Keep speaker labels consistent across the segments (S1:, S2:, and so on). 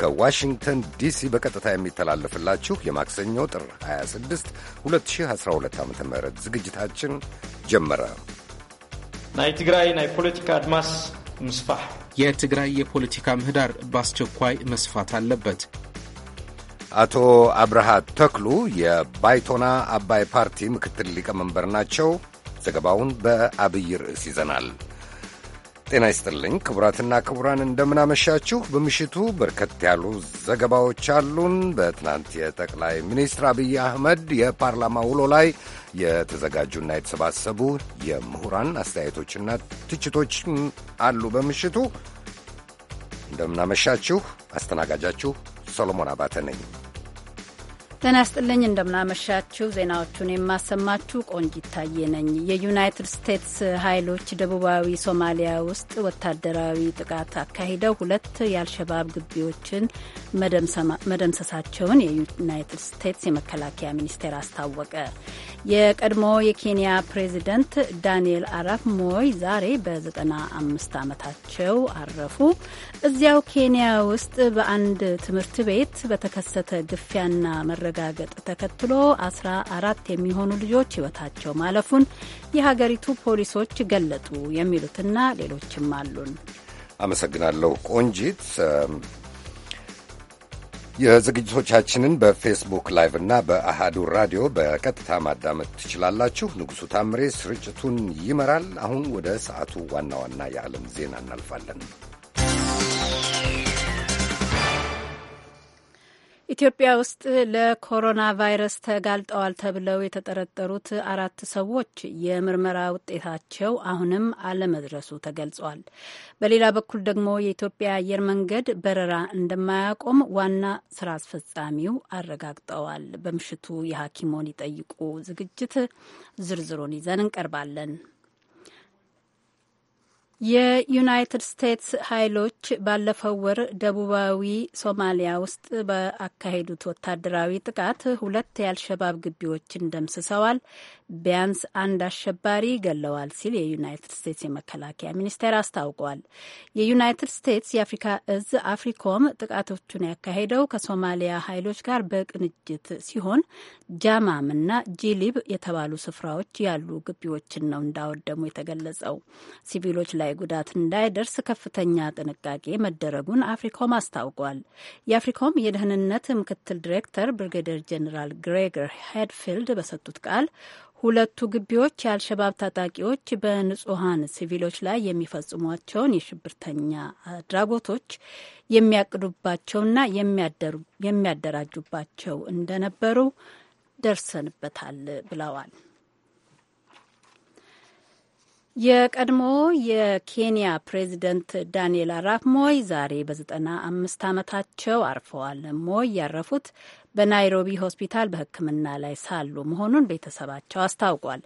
S1: ከዋሽንግተን ዲሲ በቀጥታ የሚተላለፍላችሁ የማክሰኞ ጥር 26 2012 ዓ ም ዝግጅታችን ጀመረ።
S2: ናይ ትግራይ ናይ ፖለቲካ
S3: አድማስ ምስፋሕ የትግራይ የፖለቲካ ምህዳር በአስቸኳይ መስፋት አለበት። አቶ አብርሃ ተክሉ የባይቶና አባይ
S1: ፓርቲ ምክትል ሊቀመንበር ናቸው። ዘገባውን በአብይ ርዕስ ይዘናል። ጤና ይስጥልኝ ክቡራትና ክቡራን፣ እንደምናመሻችሁ። በምሽቱ በርከት ያሉ ዘገባዎች አሉን። በትናንት የጠቅላይ ሚኒስትር አብይ አህመድ የፓርላማ ውሎ ላይ የተዘጋጁና የተሰባሰቡ የምሁራን አስተያየቶችና ትችቶች አሉ። በምሽቱ እንደምናመሻችሁ፣ አስተናጋጃችሁ ሰሎሞን አባተ ነኝ።
S4: ጤና ይስጥልኝ እንደምናመሻችሁ። ዜናዎቹን የማሰማችሁ ቆንጂት ታየ ነኝ። የዩናይትድ ስቴትስ ኃይሎች ደቡባዊ ሶማሊያ ውስጥ ወታደራዊ ጥቃት አካሂደው ሁለት የአልሸባብ ግቢዎችን መደምሰሳቸውን የዩናይትድ ስቴትስ የመከላከያ ሚኒስቴር አስታወቀ። የቀድሞ የኬንያ ፕሬዚደንት ዳንኤል አራፕ ሞይ ዛሬ በ95 ዓመታቸው አረፉ። እዚያው ኬንያ ውስጥ በአንድ ትምህርት ቤት በተከሰተ ግፊያና መረጋገጥ ተከትሎ አስራ አራት የሚሆኑ ልጆች ሕይወታቸው ማለፉን የሀገሪቱ ፖሊሶች ገለጡ። የሚሉትና ሌሎችም አሉን።
S1: አመሰግናለሁ ቆንጂት። የዝግጅቶቻችንን በፌስቡክ ላይቭ እና በአሃዱ ራዲዮ በቀጥታ ማዳመጥ ትችላላችሁ። ንጉሡ ታምሬ ስርጭቱን ይመራል። አሁን ወደ ሰዓቱ ዋና ዋና የዓለም ዜና እናልፋለን።
S4: ኢትዮጵያ ውስጥ ለኮሮና ቫይረስ ተጋልጠዋል ተብለው የተጠረጠሩት አራት ሰዎች የምርመራ ውጤታቸው አሁንም አለመድረሱ ተገልጿል። በሌላ በኩል ደግሞ የኢትዮጵያ አየር መንገድ በረራ እንደማያቆም ዋና ስራ አስፈጻሚው አረጋግጠዋል። በምሽቱ የሐኪሞን ይጠይቁ ዝግጅት ዝርዝሩን ይዘን እንቀርባለን። የዩናይትድ ስቴትስ ኃይሎች ባለፈው ወር ደቡባዊ ሶማሊያ ውስጥ በአካሄዱት ወታደራዊ ጥቃት ሁለት የአልሸባብ ግቢዎችን ደምስሰዋል፣ ቢያንስ አንድ አሸባሪ ገለዋል ሲል የዩናይትድ ስቴትስ የመከላከያ ሚኒስቴር አስታውቋል። የዩናይትድ ስቴትስ የአፍሪካ እዝ አፍሪኮም ጥቃቶቹን ያካሄደው ከሶማሊያ ኃይሎች ጋር በቅንጅት ሲሆን ጃማም እና ጂሊብ የተባሉ ስፍራዎች ያሉ ግቢዎችን ነው እንዳወደሙ የተገለጸው ሲቪሎች ላይ ጉዳት እንዳይደርስ ከፍተኛ ጥንቃቄ መደረጉን አፍሪኮም አስታውቋል። የአፍሪኮም የደህንነት ምክትል ዲሬክተር ብርጋዴር ጀኔራል ግሬገር ሄድፊልድ በሰጡት ቃል ሁለቱ ግቢዎች የአልሸባብ ታጣቂዎች በንጹሐን ሲቪሎች ላይ የሚፈጽሟቸውን የሽብርተኛ አድራጎቶች የሚያቅዱባቸውና የሚያደራጁባቸው እንደነበሩ ደርሰንበታል ብለዋል። የቀድሞ የኬንያ ፕሬዚደንት ዳንኤል አራፕ ሞይ ዛሬ በዘጠና አምስት ዓመታቸው አርፈዋል። ሞይ ያረፉት በናይሮቢ ሆስፒታል በሕክምና ላይ ሳሉ መሆኑን ቤተሰባቸው አስታውቋል።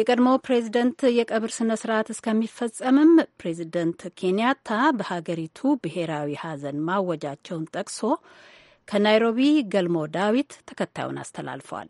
S4: የቀድሞ ፕሬዚደንት የቀብር ስነ ስርዓት እስከሚፈጸምም ፕሬዚደንት ኬንያታ በሀገሪቱ ብሔራዊ ሀዘን ማወጃቸውን ጠቅሶ ከናይሮቢ ገልሞ ዳዊት ተከታዩን አስተላልፏል።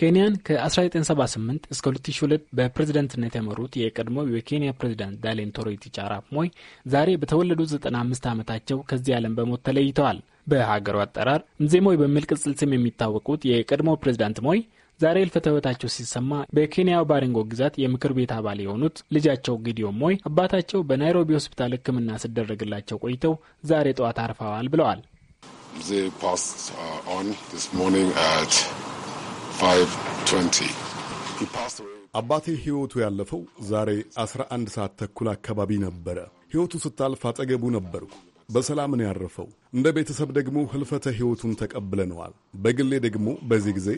S5: ኬንያን ከ1978 እስከ 2002 በፕሬዝደንትነት የመሩት የቀድሞ የኬንያ ፕሬዝዳንት ዳሌን ቶሬቲ ቻራፕ ሞይ ዛሬ በተወለዱ 95 ዓመታቸው ከዚህ ዓለም በሞት ተለይተዋል። በሀገሩ አጠራር ምዜሞይ በሚል ቅጽል ስም የሚታወቁት የቀድሞ ፕሬዝዳንት ሞይ ዛሬ ሕልፈተ ሕይወታቸው ሲሰማ በኬንያ ባሪንጎ ግዛት የምክር ቤት አባል የሆኑት ልጃቸው ጊዲዮን ሞይ አባታቸው በናይሮቢ ሆስፒታል ሕክምና ሲደረግላቸው ቆይተው ዛሬ ጠዋት አርፈዋል ብለዋል።
S6: አባቴ ሕይወቱ ያለፈው ዛሬ 11 ሰዓት ተኩል አካባቢ ነበረ። ሕይወቱ ስታልፍ አጠገቡ ነበርኩ። በሰላም ነው ያረፈው። እንደ ቤተሰብ ደግሞ ህልፈተ ሕይወቱን ተቀብለነዋል። በግሌ ደግሞ በዚህ ጊዜ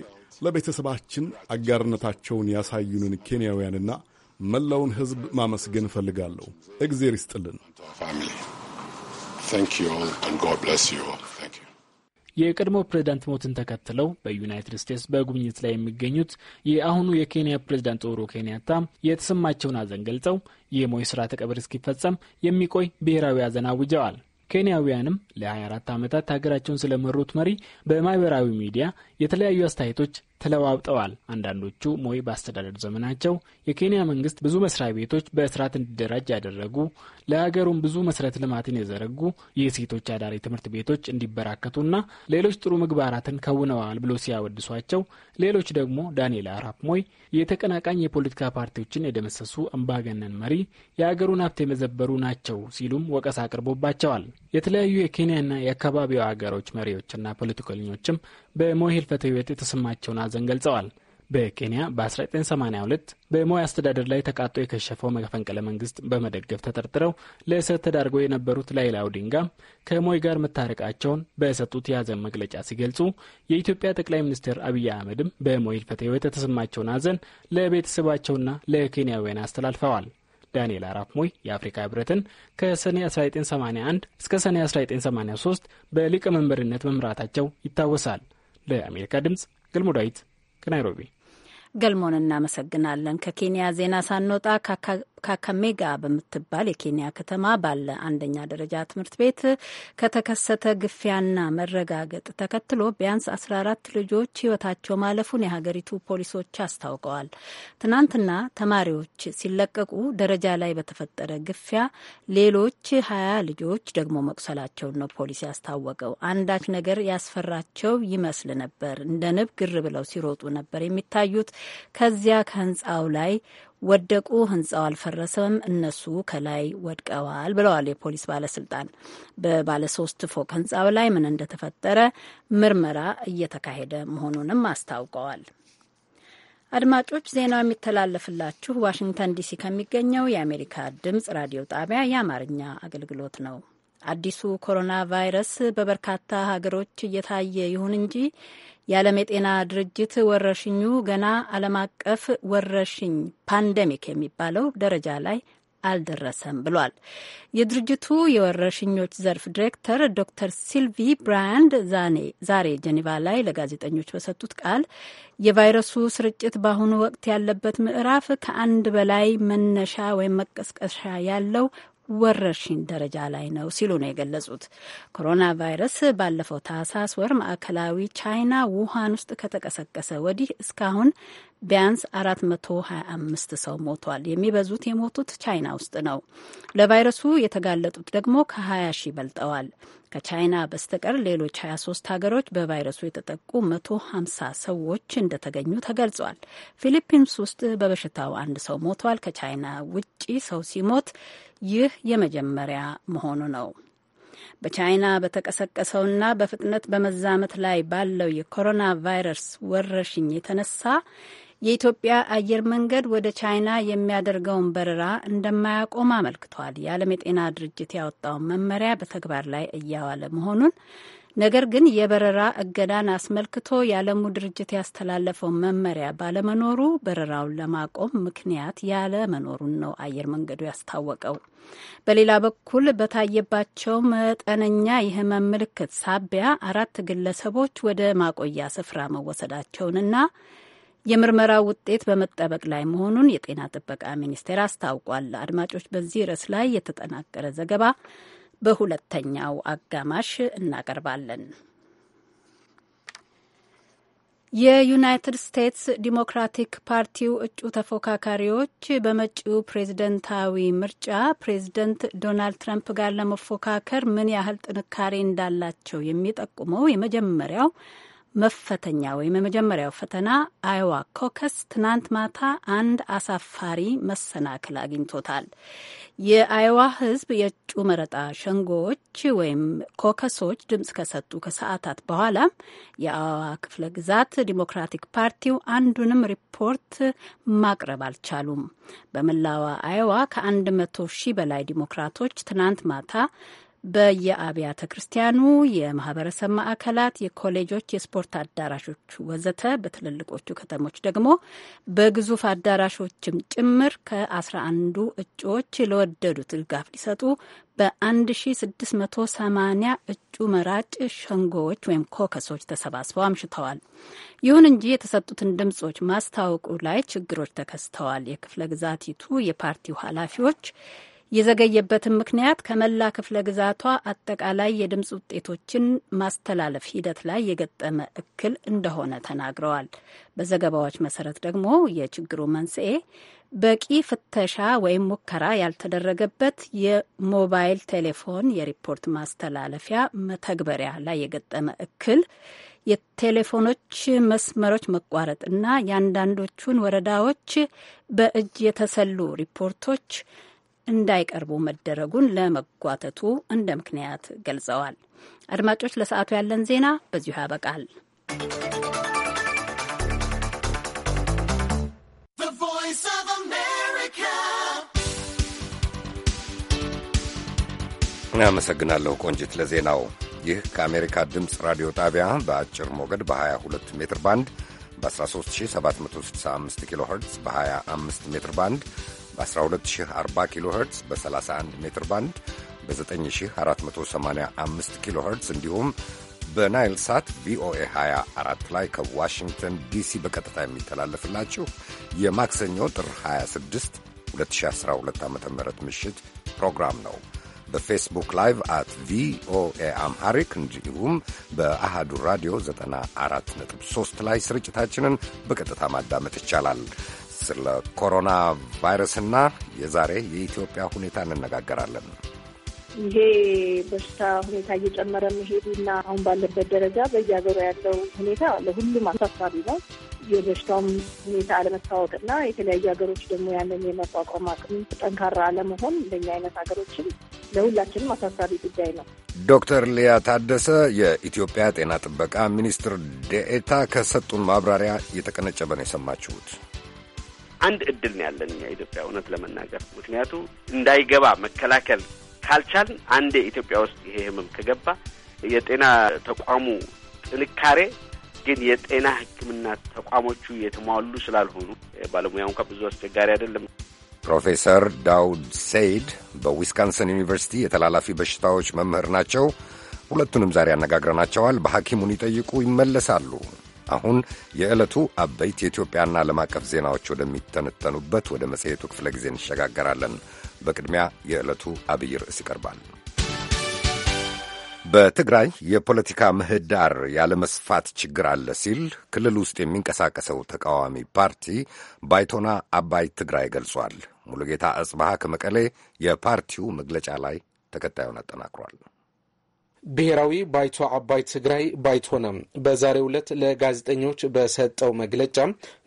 S6: ለቤተሰባችን አጋርነታቸውን ያሳዩንን ኬንያውያንና መላውን ሕዝብ ማመስገን እፈልጋለሁ። እግዜር ይስጥልን።
S5: የቀድሞ ፕሬዝዳንት ሞትን ተከትለው በዩናይትድ ስቴትስ በጉብኝት ላይ የሚገኙት የአሁኑ የኬንያ ፕሬዚዳንት ኡሁሩ ኬንያታ የተሰማቸውን ሐዘን ገልጸው የሞይ ስርዓተ ቀብር እስኪፈጸም የሚቆይ ብሔራዊ ሐዘን አውጀዋል። ኬንያውያንም ለ24 ዓመታት ሀገራቸውን ስለመሩት መሪ በማህበራዊ ሚዲያ የተለያዩ አስተያየቶች ተለዋውጠዋል። አንዳንዶቹ ሞይ በአስተዳደር ዘመናቸው የኬንያ መንግስት ብዙ መስሪያ ቤቶች በስርዓት እንዲደራጅ ያደረጉ፣ ለሀገሩም ብዙ መሰረተ ልማትን የዘረጉ፣ የሴቶች አዳሪ ትምህርት ቤቶች እንዲበራከቱና ሌሎች ጥሩ ምግባራትን ከውነዋል ብሎ ሲያወድሷቸው፣ ሌሎች ደግሞ ዳንኤል አራፕ ሞይ የተቀናቃኝ የፖለቲካ ፓርቲዎችን የደመሰሱ አምባገነን መሪ፣ የሀገሩን ሀብት የመዘበሩ ናቸው ሲሉም ወቀሳ አቅርቦባቸዋል። የተለያዩ የኬንያና የአካባቢው ሀገሮች መሪዎችና ፖለቲከኞችም በሞይ ህልፈተ ህይወት የተሰማቸውን አዘን ገልጸዋል። በኬንያ በ1982 በሞይ አስተዳደር ላይ ተቃጦ የከሸፈው መፈንቅለ መንግስት በመደገፍ ተጠርጥረው ለእስር ተዳርገው የነበሩት ላይላ ኦዲንጋ ከሞይ ጋር መታረቃቸውን በሰጡት የአዘን መግለጫ ሲገልጹ የኢትዮጵያ ጠቅላይ ሚኒስትር አብይ አህመድም በሞይ ህልፈተ ህይወት የተሰማቸውን አዘን ለቤተሰባቸውና ለኬንያውያን አስተላልፈዋል። ዳንኤል አራፕ ሞይ የአፍሪካ ህብረትን ከሰኔ 1981 እስከ ሰኔ 1983 በሊቀመንበርነት መምራታቸው ይታወሳል። ለአሜሪካ ድምጽ ገልሞ ዳዊት ከናይሮቢ
S4: ገልሞን እናመሰግናለን። ከኬንያ ዜና ሳንወጣ ካካሜጋ በምትባል የኬንያ ከተማ ባለ አንደኛ ደረጃ ትምህርት ቤት ከተከሰተ ግፊያና መረጋገጥ ተከትሎ ቢያንስ 14 ልጆች ሕይወታቸው ማለፉን የሀገሪቱ ፖሊሶች አስታውቀዋል። ትናንትና ተማሪዎች ሲለቀቁ ደረጃ ላይ በተፈጠረ ግፊያ ሌሎች 20 ልጆች ደግሞ መቁሰላቸውን ነው ፖሊስ ያስታወቀው። አንዳች ነገር ያስፈራቸው ይመስል ነበር። እንደ ንብ ግር ብለው ሲሮጡ ነበር የሚታዩት። ከዚያ ከህንፃው ላይ ወደቁ፣ ህንፃው አልፈረሰም፣ እነሱ ከላይ ወድቀዋል ብለዋል የፖሊስ ባለስልጣን። በባለሶስት ፎቅ ህንፃው ላይ ምን እንደተፈጠረ ምርመራ እየተካሄደ መሆኑንም አስታውቀዋል። አድማጮች ዜናው የሚተላለፍላችሁ ዋሽንግተን ዲሲ ከሚገኘው የአሜሪካ ድምጽ ራዲዮ ጣቢያ የአማርኛ አገልግሎት ነው። አዲሱ ኮሮና ቫይረስ በበርካታ ሀገሮች እየታየ ይሁን እንጂ የዓለም የጤና ድርጅት ወረርሽኙ ገና ዓለም አቀፍ ወረርሽኝ ፓንደሚክ የሚባለው ደረጃ ላይ አልደረሰም ብሏል። የድርጅቱ የወረርሽኞች ዘርፍ ዲሬክተር ዶክተር ሲልቪ ብራያንድ ዛሬ ጀኒቫ ላይ ለጋዜጠኞች በሰጡት ቃል የቫይረሱ ስርጭት በአሁኑ ወቅት ያለበት ምዕራፍ ከአንድ በላይ መነሻ ወይም መቀስቀሻ ያለው ወረርሽኝ ደረጃ ላይ ነው ሲሉ ነው የገለጹት። ኮሮና ቫይረስ ባለፈው ታህሳስ ወር ማዕከላዊ ቻይና ውሃን ውስጥ ከተቀሰቀሰ ወዲህ እስካሁን ቢያንስ 425 ሰው ሞቷል። የሚበዙት የሞቱት ቻይና ውስጥ ነው። ለቫይረሱ የተጋለጡት ደግሞ ከ20 ሺ በልጠዋል። ከቻይና በስተቀር ሌሎች 23 ሀገሮች በቫይረሱ የተጠቁ 150 ሰዎች እንደተገኙ ተገልጿል። ፊሊፒንስ ውስጥ በበሽታው አንድ ሰው ሞቷል። ከቻይና ውጪ ሰው ሲሞት ይህ የመጀመሪያ መሆኑ ነው። በቻይና በተቀሰቀሰውና በፍጥነት በመዛመት ላይ ባለው የኮሮና ቫይረስ ወረርሽኝ የተነሳ የኢትዮጵያ አየር መንገድ ወደ ቻይና የሚያደርገውን በረራ እንደማያቆም አመልክቷል። የዓለም የጤና ድርጅት ያወጣውን መመሪያ በተግባር ላይ እያዋለ መሆኑን ነገር ግን የበረራ እገዳን አስመልክቶ የዓለሙ ድርጅት ያስተላለፈው መመሪያ ባለመኖሩ በረራውን ለማቆም ምክንያት ያለ መኖሩን ነው አየር መንገዱ ያስታወቀው። በሌላ በኩል በታየባቸው መጠነኛ የሕመም ምልክት ሳቢያ አራት ግለሰቦች ወደ ማቆያ ስፍራ መወሰዳቸውንና የምርመራው ውጤት በመጠበቅ ላይ መሆኑን የጤና ጥበቃ ሚኒስቴር አስታውቋል። አድማጮች፣ በዚህ ርዕስ ላይ የተጠናቀረ ዘገባ በሁለተኛው አጋማሽ እናቀርባለን። የዩናይትድ ስቴትስ ዲሞክራቲክ ፓርቲው እጩ ተፎካካሪዎች በመጪው ፕሬዝደንታዊ ምርጫ ፕሬዝደንት ዶናልድ ትራምፕ ጋር ለመፎካከር ምን ያህል ጥንካሬ እንዳላቸው የሚጠቁመው የመጀመሪያው መፈተኛ ወይም የመጀመሪያው ፈተና አይዋ ኮከስ ትናንት ማታ አንድ አሳፋሪ መሰናክል አግኝቶታል። የአይዋ ሕዝብ የእጩ መረጣ ሸንጎዎች ወይም ኮከሶች ድምፅ ከሰጡ ከሰዓታት በኋላ የአይዋ ክፍለ ግዛት ዲሞክራቲክ ፓርቲው አንዱንም ሪፖርት ማቅረብ አልቻሉም። በመላዋ አይዋ ከአንድ መቶ ሺህ በላይ ዲሞክራቶች ትናንት ማታ በየአብያተ ክርስቲያኑ፣ የማህበረሰብ ማዕከላት፣ የኮሌጆች፣ የስፖርት አዳራሾች ወዘተ በትልልቆቹ ከተሞች ደግሞ በግዙፍ አዳራሾችም ጭምር ከ11ዱ እጩዎች ለወደዱት ድጋፍ ሊሰጡ በ1680 እጩ መራጭ ሸንጎዎች ወይም ኮከሶች ተሰባስበው አምሽተዋል። ይሁን እንጂ የተሰጡትን ድምጾች ማስታወቁ ላይ ችግሮች ተከስተዋል። የክፍለ ግዛቲቱ የፓርቲው ኃላፊዎች የዘገየበትን ምክንያት ከመላ ክፍለ ግዛቷ አጠቃላይ የድምፅ ውጤቶችን ማስተላለፍ ሂደት ላይ የገጠመ እክል እንደሆነ ተናግረዋል። በዘገባዎች መሰረት ደግሞ የችግሩ መንስኤ በቂ ፍተሻ ወይም ሙከራ ያልተደረገበት የሞባይል ቴሌፎን የሪፖርት ማስተላለፊያ መተግበሪያ ላይ የገጠመ እክል፣ የቴሌፎኖች መስመሮች መቋረጥና የአንዳንዶቹን ወረዳዎች በእጅ የተሰሉ ሪፖርቶች እንዳይቀርቡ መደረጉን ለመጓተቱ እንደ ምክንያት ገልጸዋል። አድማጮች፣ ለሰዓቱ ያለን ዜና በዚሁ ያበቃል።
S1: አመሰግናለሁ ቆንጂት ለዜናው። ይህ ከአሜሪካ ድምፅ ራዲዮ ጣቢያ በአጭር ሞገድ በ22 ሜትር ባንድ በ13765 ኪሎ ኸርትዝ በ25 ሜትር ባንድ በ12040 ኪሎ ኸርትዝ በ31 ሜትር ባንድ በ9485 ኪሎ ኸርትዝ እንዲሁም በናይል ሳት ቪኦኤ 24 ላይ ከዋሽንግተን ዲሲ በቀጥታ የሚተላለፍላችሁ የማክሰኞ ጥር 26 2012 ዓ ም ምሽት ፕሮግራም ነው። በፌስቡክ ላይቭ አት ቪኦኤ አምሃሪክ እንዲሁም በአሃዱ ራዲዮ 94.3 ላይ ስርጭታችንን በቀጥታ ማዳመጥ ይቻላል። ስለ ኮሮና ቫይረስና የዛሬ የኢትዮጵያ ሁኔታ እንነጋገራለን።
S7: ይሄ በሽታ ሁኔታ እየጨመረ መሄዱ አሁን ባለበት ደረጃ በየሀገሩ ያለው ሁኔታ ለሁሉም አሳሳቢ ነው። የበሽታውም ሁኔታ አለመታወቅና የተለያዩ ሀገሮች ደግሞ ያንን የመቋቋም አቅም ጠንካራ አለመሆን ለእኛ አይነት ሀገሮችም ለሁላችንም አሳሳቢ ጉዳይ ነው።
S1: ዶክተር ሊያ ታደሰ የኢትዮጵያ ጤና ጥበቃ ሚኒስትር ዴኤታ ከሰጡን ማብራሪያ የተቀነጨበ ነው የሰማችሁት።
S8: አንድ እድል ነው ያለን እኛ ኢትዮጵያ እውነት ለመናገር ምክንያቱ እንዳይገባ መከላከል ካልቻልን አንዴ ኢትዮጵያ ውስጥ ይሄ ህመም ከገባ የጤና ተቋሙ ጥንካሬ ግን የጤና ሕክምና ተቋሞቹ የተሟሉ ስላልሆኑ ባለሙያ እንኳ ብዙ አስቸጋሪ አይደለም።
S1: ፕሮፌሰር ዳውድ ሰይድ በዊስካንሰን ዩኒቨርሲቲ የተላላፊ በሽታዎች መምህር ናቸው። ሁለቱንም ዛሬ ያነጋግረናቸዋል። በሐኪሙን ይጠይቁ ይመለሳሉ። አሁን የዕለቱ አበይት የኢትዮጵያና ዓለም አቀፍ ዜናዎች ወደሚተነተኑበት ወደ መጽሔቱ ክፍለ ጊዜ እንሸጋገራለን። በቅድሚያ የዕለቱ አብይ ርዕስ ይቀርባል። በትግራይ የፖለቲካ ምህዳር ያለመስፋት ችግር አለ ሲል ክልል ውስጥ የሚንቀሳቀሰው ተቃዋሚ ፓርቲ ባይቶና አባይ ትግራይ ገልጿል። ሙሉጌታ አጽባሃ ከመቀሌ የፓርቲው መግለጫ ላይ ተከታዩን አጠናክሯል።
S3: ብሔራዊ ባይቶ አባይ ትግራይ ባይቶና በዛሬው ዕለት ለጋዜጠኞች በሰጠው መግለጫ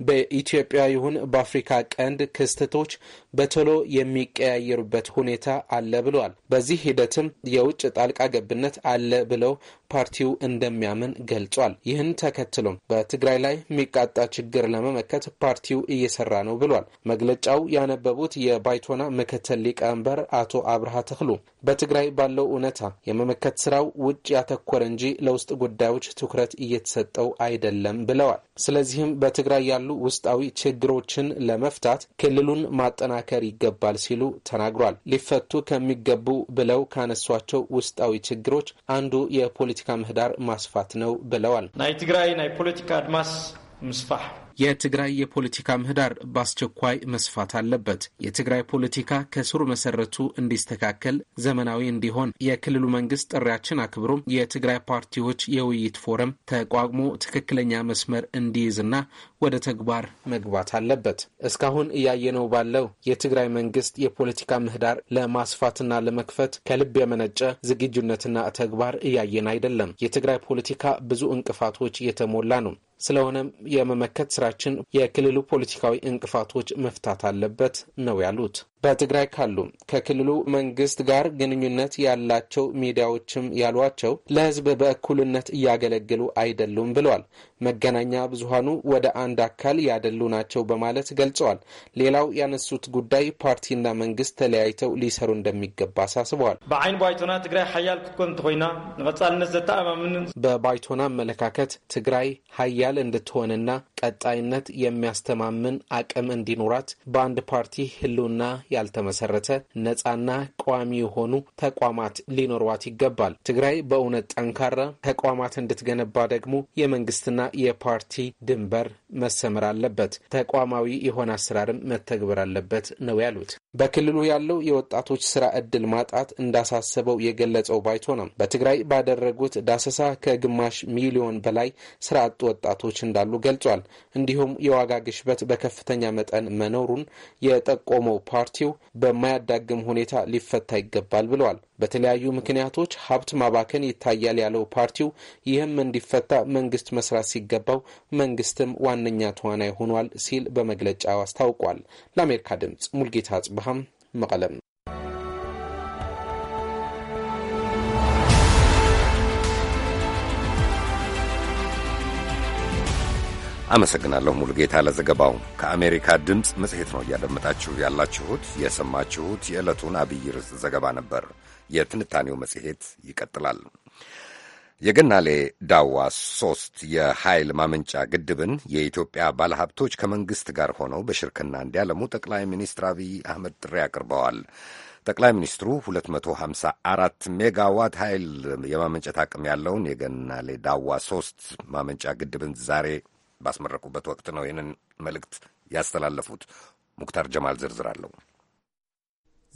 S3: በኢትዮጵያ ይሁን በአፍሪካ ቀንድ ክስተቶች በቶሎ የሚቀያየሩበት ሁኔታ አለ ብለዋል። በዚህ ሂደትም የውጭ ጣልቃ ገብነት አለ ብለው ፓርቲው እንደሚያምን ገልጿል። ይህን ተከትሎም በትግራይ ላይ የሚቃጣ ችግር ለመመከት ፓርቲው እየሰራ ነው ብሏል። መግለጫው ያነበቡት የባይቶና ምክትል ሊቀመንበር አቶ አብርሃ ተክሉ በትግራይ ባለው እውነታ የመመከት ስራው ውጭ ያተኮረ እንጂ ለውስጥ ጉዳዮች ትኩረት እየተሰጠው አይደለም ብለዋል። ስለዚህም በትግራይ ያሉ ውስጣዊ ችግሮችን ለመፍታት ክልሉን ማጠናከር ይገባል ሲሉ ተናግሯል። ሊፈቱ ከሚገቡ ብለው ካነሷቸው ውስጣዊ ችግሮች አንዱ የፖለቲ የፖለቲካ ምህዳር ማስፋት ነው ብለዋል።
S2: ናይ ትግራይ ናይ ፖለቲካ አድማስ ምስፋሕ
S3: የትግራይ የፖለቲካ ምህዳር በአስቸኳይ መስፋት አለበት። የትግራይ ፖለቲካ ከስሩ መሰረቱ እንዲስተካከል፣ ዘመናዊ እንዲሆን የክልሉ መንግስት ጥሪያችን አክብሮም የትግራይ ፓርቲዎች የውይይት ፎረም ተቋቁሞ ትክክለኛ መስመር እንዲይዝና ወደ ተግባር መግባት አለበት። እስካሁን እያየነው ባለው የትግራይ መንግስት የፖለቲካ ምህዳር ለማስፋትና ለመክፈት ከልብ የመነጨ ዝግጁነትና ተግባር እያየን አይደለም። የትግራይ ፖለቲካ ብዙ እንቅፋቶች የተሞላ ነው። ስለሆነም የመመከት ስራችን የክልሉ ፖለቲካዊ እንቅፋቶች መፍታት አለበት ነው ያሉት። በትግራይ ካሉ ከክልሉ መንግስት ጋር ግንኙነት ያላቸው ሚዲያዎችም ያሏቸው ለህዝብ በእኩልነት እያገለገሉ አይደሉም ብለዋል። መገናኛ ብዙሀኑ ወደ አንድ አካል ያደሉ ናቸው በማለት ገልጸዋል። ሌላው ያነሱት ጉዳይ ፓርቲና መንግስት ተለያይተው ሊሰሩ እንደሚገባ አሳስበዋል።
S2: በአይን ባይቶና ትግራይ ሀያል ክትኮን እንተኮይና ንቀጻልነት ዘተኣማምንን በባይቶና
S3: አመለካከት ትግራይ ሀያል እንድትሆንና ቀጣይነት የሚያስተማምን አቅም እንዲኖራት በአንድ ፓርቲ ህልውና ያልተመሰረተ ነጻና ቋሚ የሆኑ ተቋማት ሊኖሯት ይገባል። ትግራይ በእውነት ጠንካራ ተቋማት እንድትገነባ ደግሞ የመንግስትና የፓርቲ ድንበር መሰመር አለበት፣ ተቋማዊ የሆነ አሰራርም መተግበር አለበት ነው ያሉት። በክልሉ ያለው የወጣቶች ስራ እድል ማጣት እንዳሳሰበው የገለጸው ባይቶ ነው። በትግራይ ባደረጉት ዳሰሳ ከግማሽ ሚሊዮን በላይ ስራ አጡ ወጣቶች እንዳሉ ገልጿል። እንዲሁም የዋጋ ግሽበት በከፍተኛ መጠን መኖሩን የጠቆመው ፓርቲው በማያዳግም ሁኔታ ሊፈታ ይገባል ብለዋል። በተለያዩ ምክንያቶች ሀብት ማባከን ይታያል ያለው ፓርቲው ይህም እንዲፈታ መንግስት መስራት ሲገባው መንግስትም ዋነኛ ተዋናይ ሆኗል ሲል በመግለጫው አስታውቋል። ለአሜሪካ ድምጽ ሙልጌታ አጽብሃም መቀለም።
S1: አመሰግናለሁ ሙሉጌታ ለዘገባው። ከአሜሪካ ድምፅ መጽሔት ነው እያደመጣችሁ ያላችሁት። የሰማችሁት የዕለቱን አብይ ርዕስ ዘገባ ነበር። የትንታኔው መጽሔት ይቀጥላል። የገናሌ ዳዋ ሶስት የኃይል ማመንጫ ግድብን የኢትዮጵያ ባለሀብቶች ከመንግሥት ጋር ሆነው በሽርክና እንዲያለሙ ጠቅላይ ሚኒስትር አብይ አህመድ ጥሪ አቅርበዋል። ጠቅላይ ሚኒስትሩ 254 ሜጋዋት ኃይል የማመንጨት አቅም ያለውን የገናሌ ዳዋ ሶስት ማመንጫ ግድብን ዛሬ ባስመረቁበት ወቅት ነው ይህንን መልእክት ያስተላለፉት። ሙክታር ጀማል ዝርዝር አለው።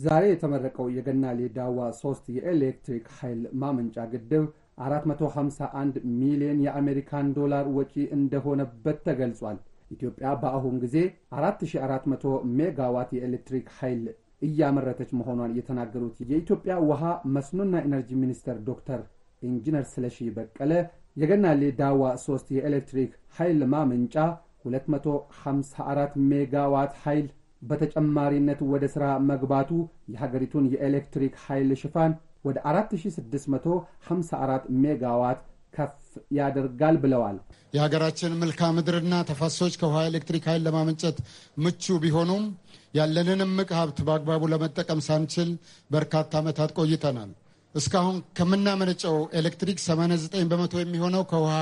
S9: ዛሬ የተመረቀው የገናሌ ዳዋ ሶስት የኤሌክትሪክ ኃይል ማመንጫ ግድብ 451 ሚሊዮን የአሜሪካን ዶላር ወጪ እንደሆነበት ተገልጿል። ኢትዮጵያ በአሁን ጊዜ 4400 ሜጋዋት የኤሌክትሪክ ኃይል እያመረተች መሆኗን የተናገሩት የኢትዮጵያ ውሃ መስኖና ኢነርጂ ሚኒስተር ዶክተር ኢንጂነር ስለሺ በቀለ የገናሌ ዳዋ ሶስት የኤሌክትሪክ ኃይል ማመንጫ 254 ሜጋዋት ኃይል በተጨማሪነት ወደ ሥራ መግባቱ የሀገሪቱን የኤሌክትሪክ ኃይል ሽፋን ወደ 4654 ሜጋዋት ከፍ ያደርጋል ብለዋል። የሀገራችን መልክዓ ምድርና ተፋሰሶች ከውሃ ኤሌክትሪክ ኃይል ለማመንጨት ምቹ ቢሆኑም ያለንን እምቅ ሀብት በአግባቡ ለመጠቀም ሳንችል በርካታ ዓመታት ቆይተናል። እስካሁን ከምናመነጨው ኤሌክትሪክ 89 በመቶ የሚሆነው ከውሃ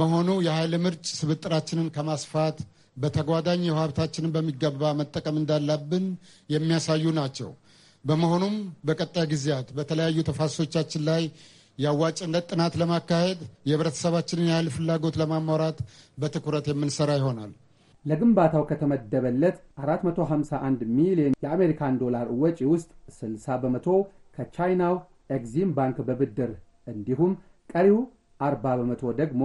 S9: መሆኑ የኃይል ምርጭ ስብጥራችንን ከማስፋት በተጓዳኝ የውሃ ሀብታችንን በሚገባ መጠቀም እንዳለብን የሚያሳዩ ናቸው። በመሆኑም በቀጣይ ጊዜያት በተለያዩ ተፋሰሶቻችን ላይ የአዋጭነት ጥናት ለማካሄድ የህብረተሰባችንን የኃይል ፍላጎት ለማሟራት በትኩረት የምንሰራ ይሆናል። ለግንባታው ከተመደበለት 451 ሚሊዮን የአሜሪካን ዶላር ወጪ ውስጥ 60 በመቶ ከቻይናው ኤግዚም ባንክ በብድር እንዲሁም ቀሪው 40 በመቶ ደግሞ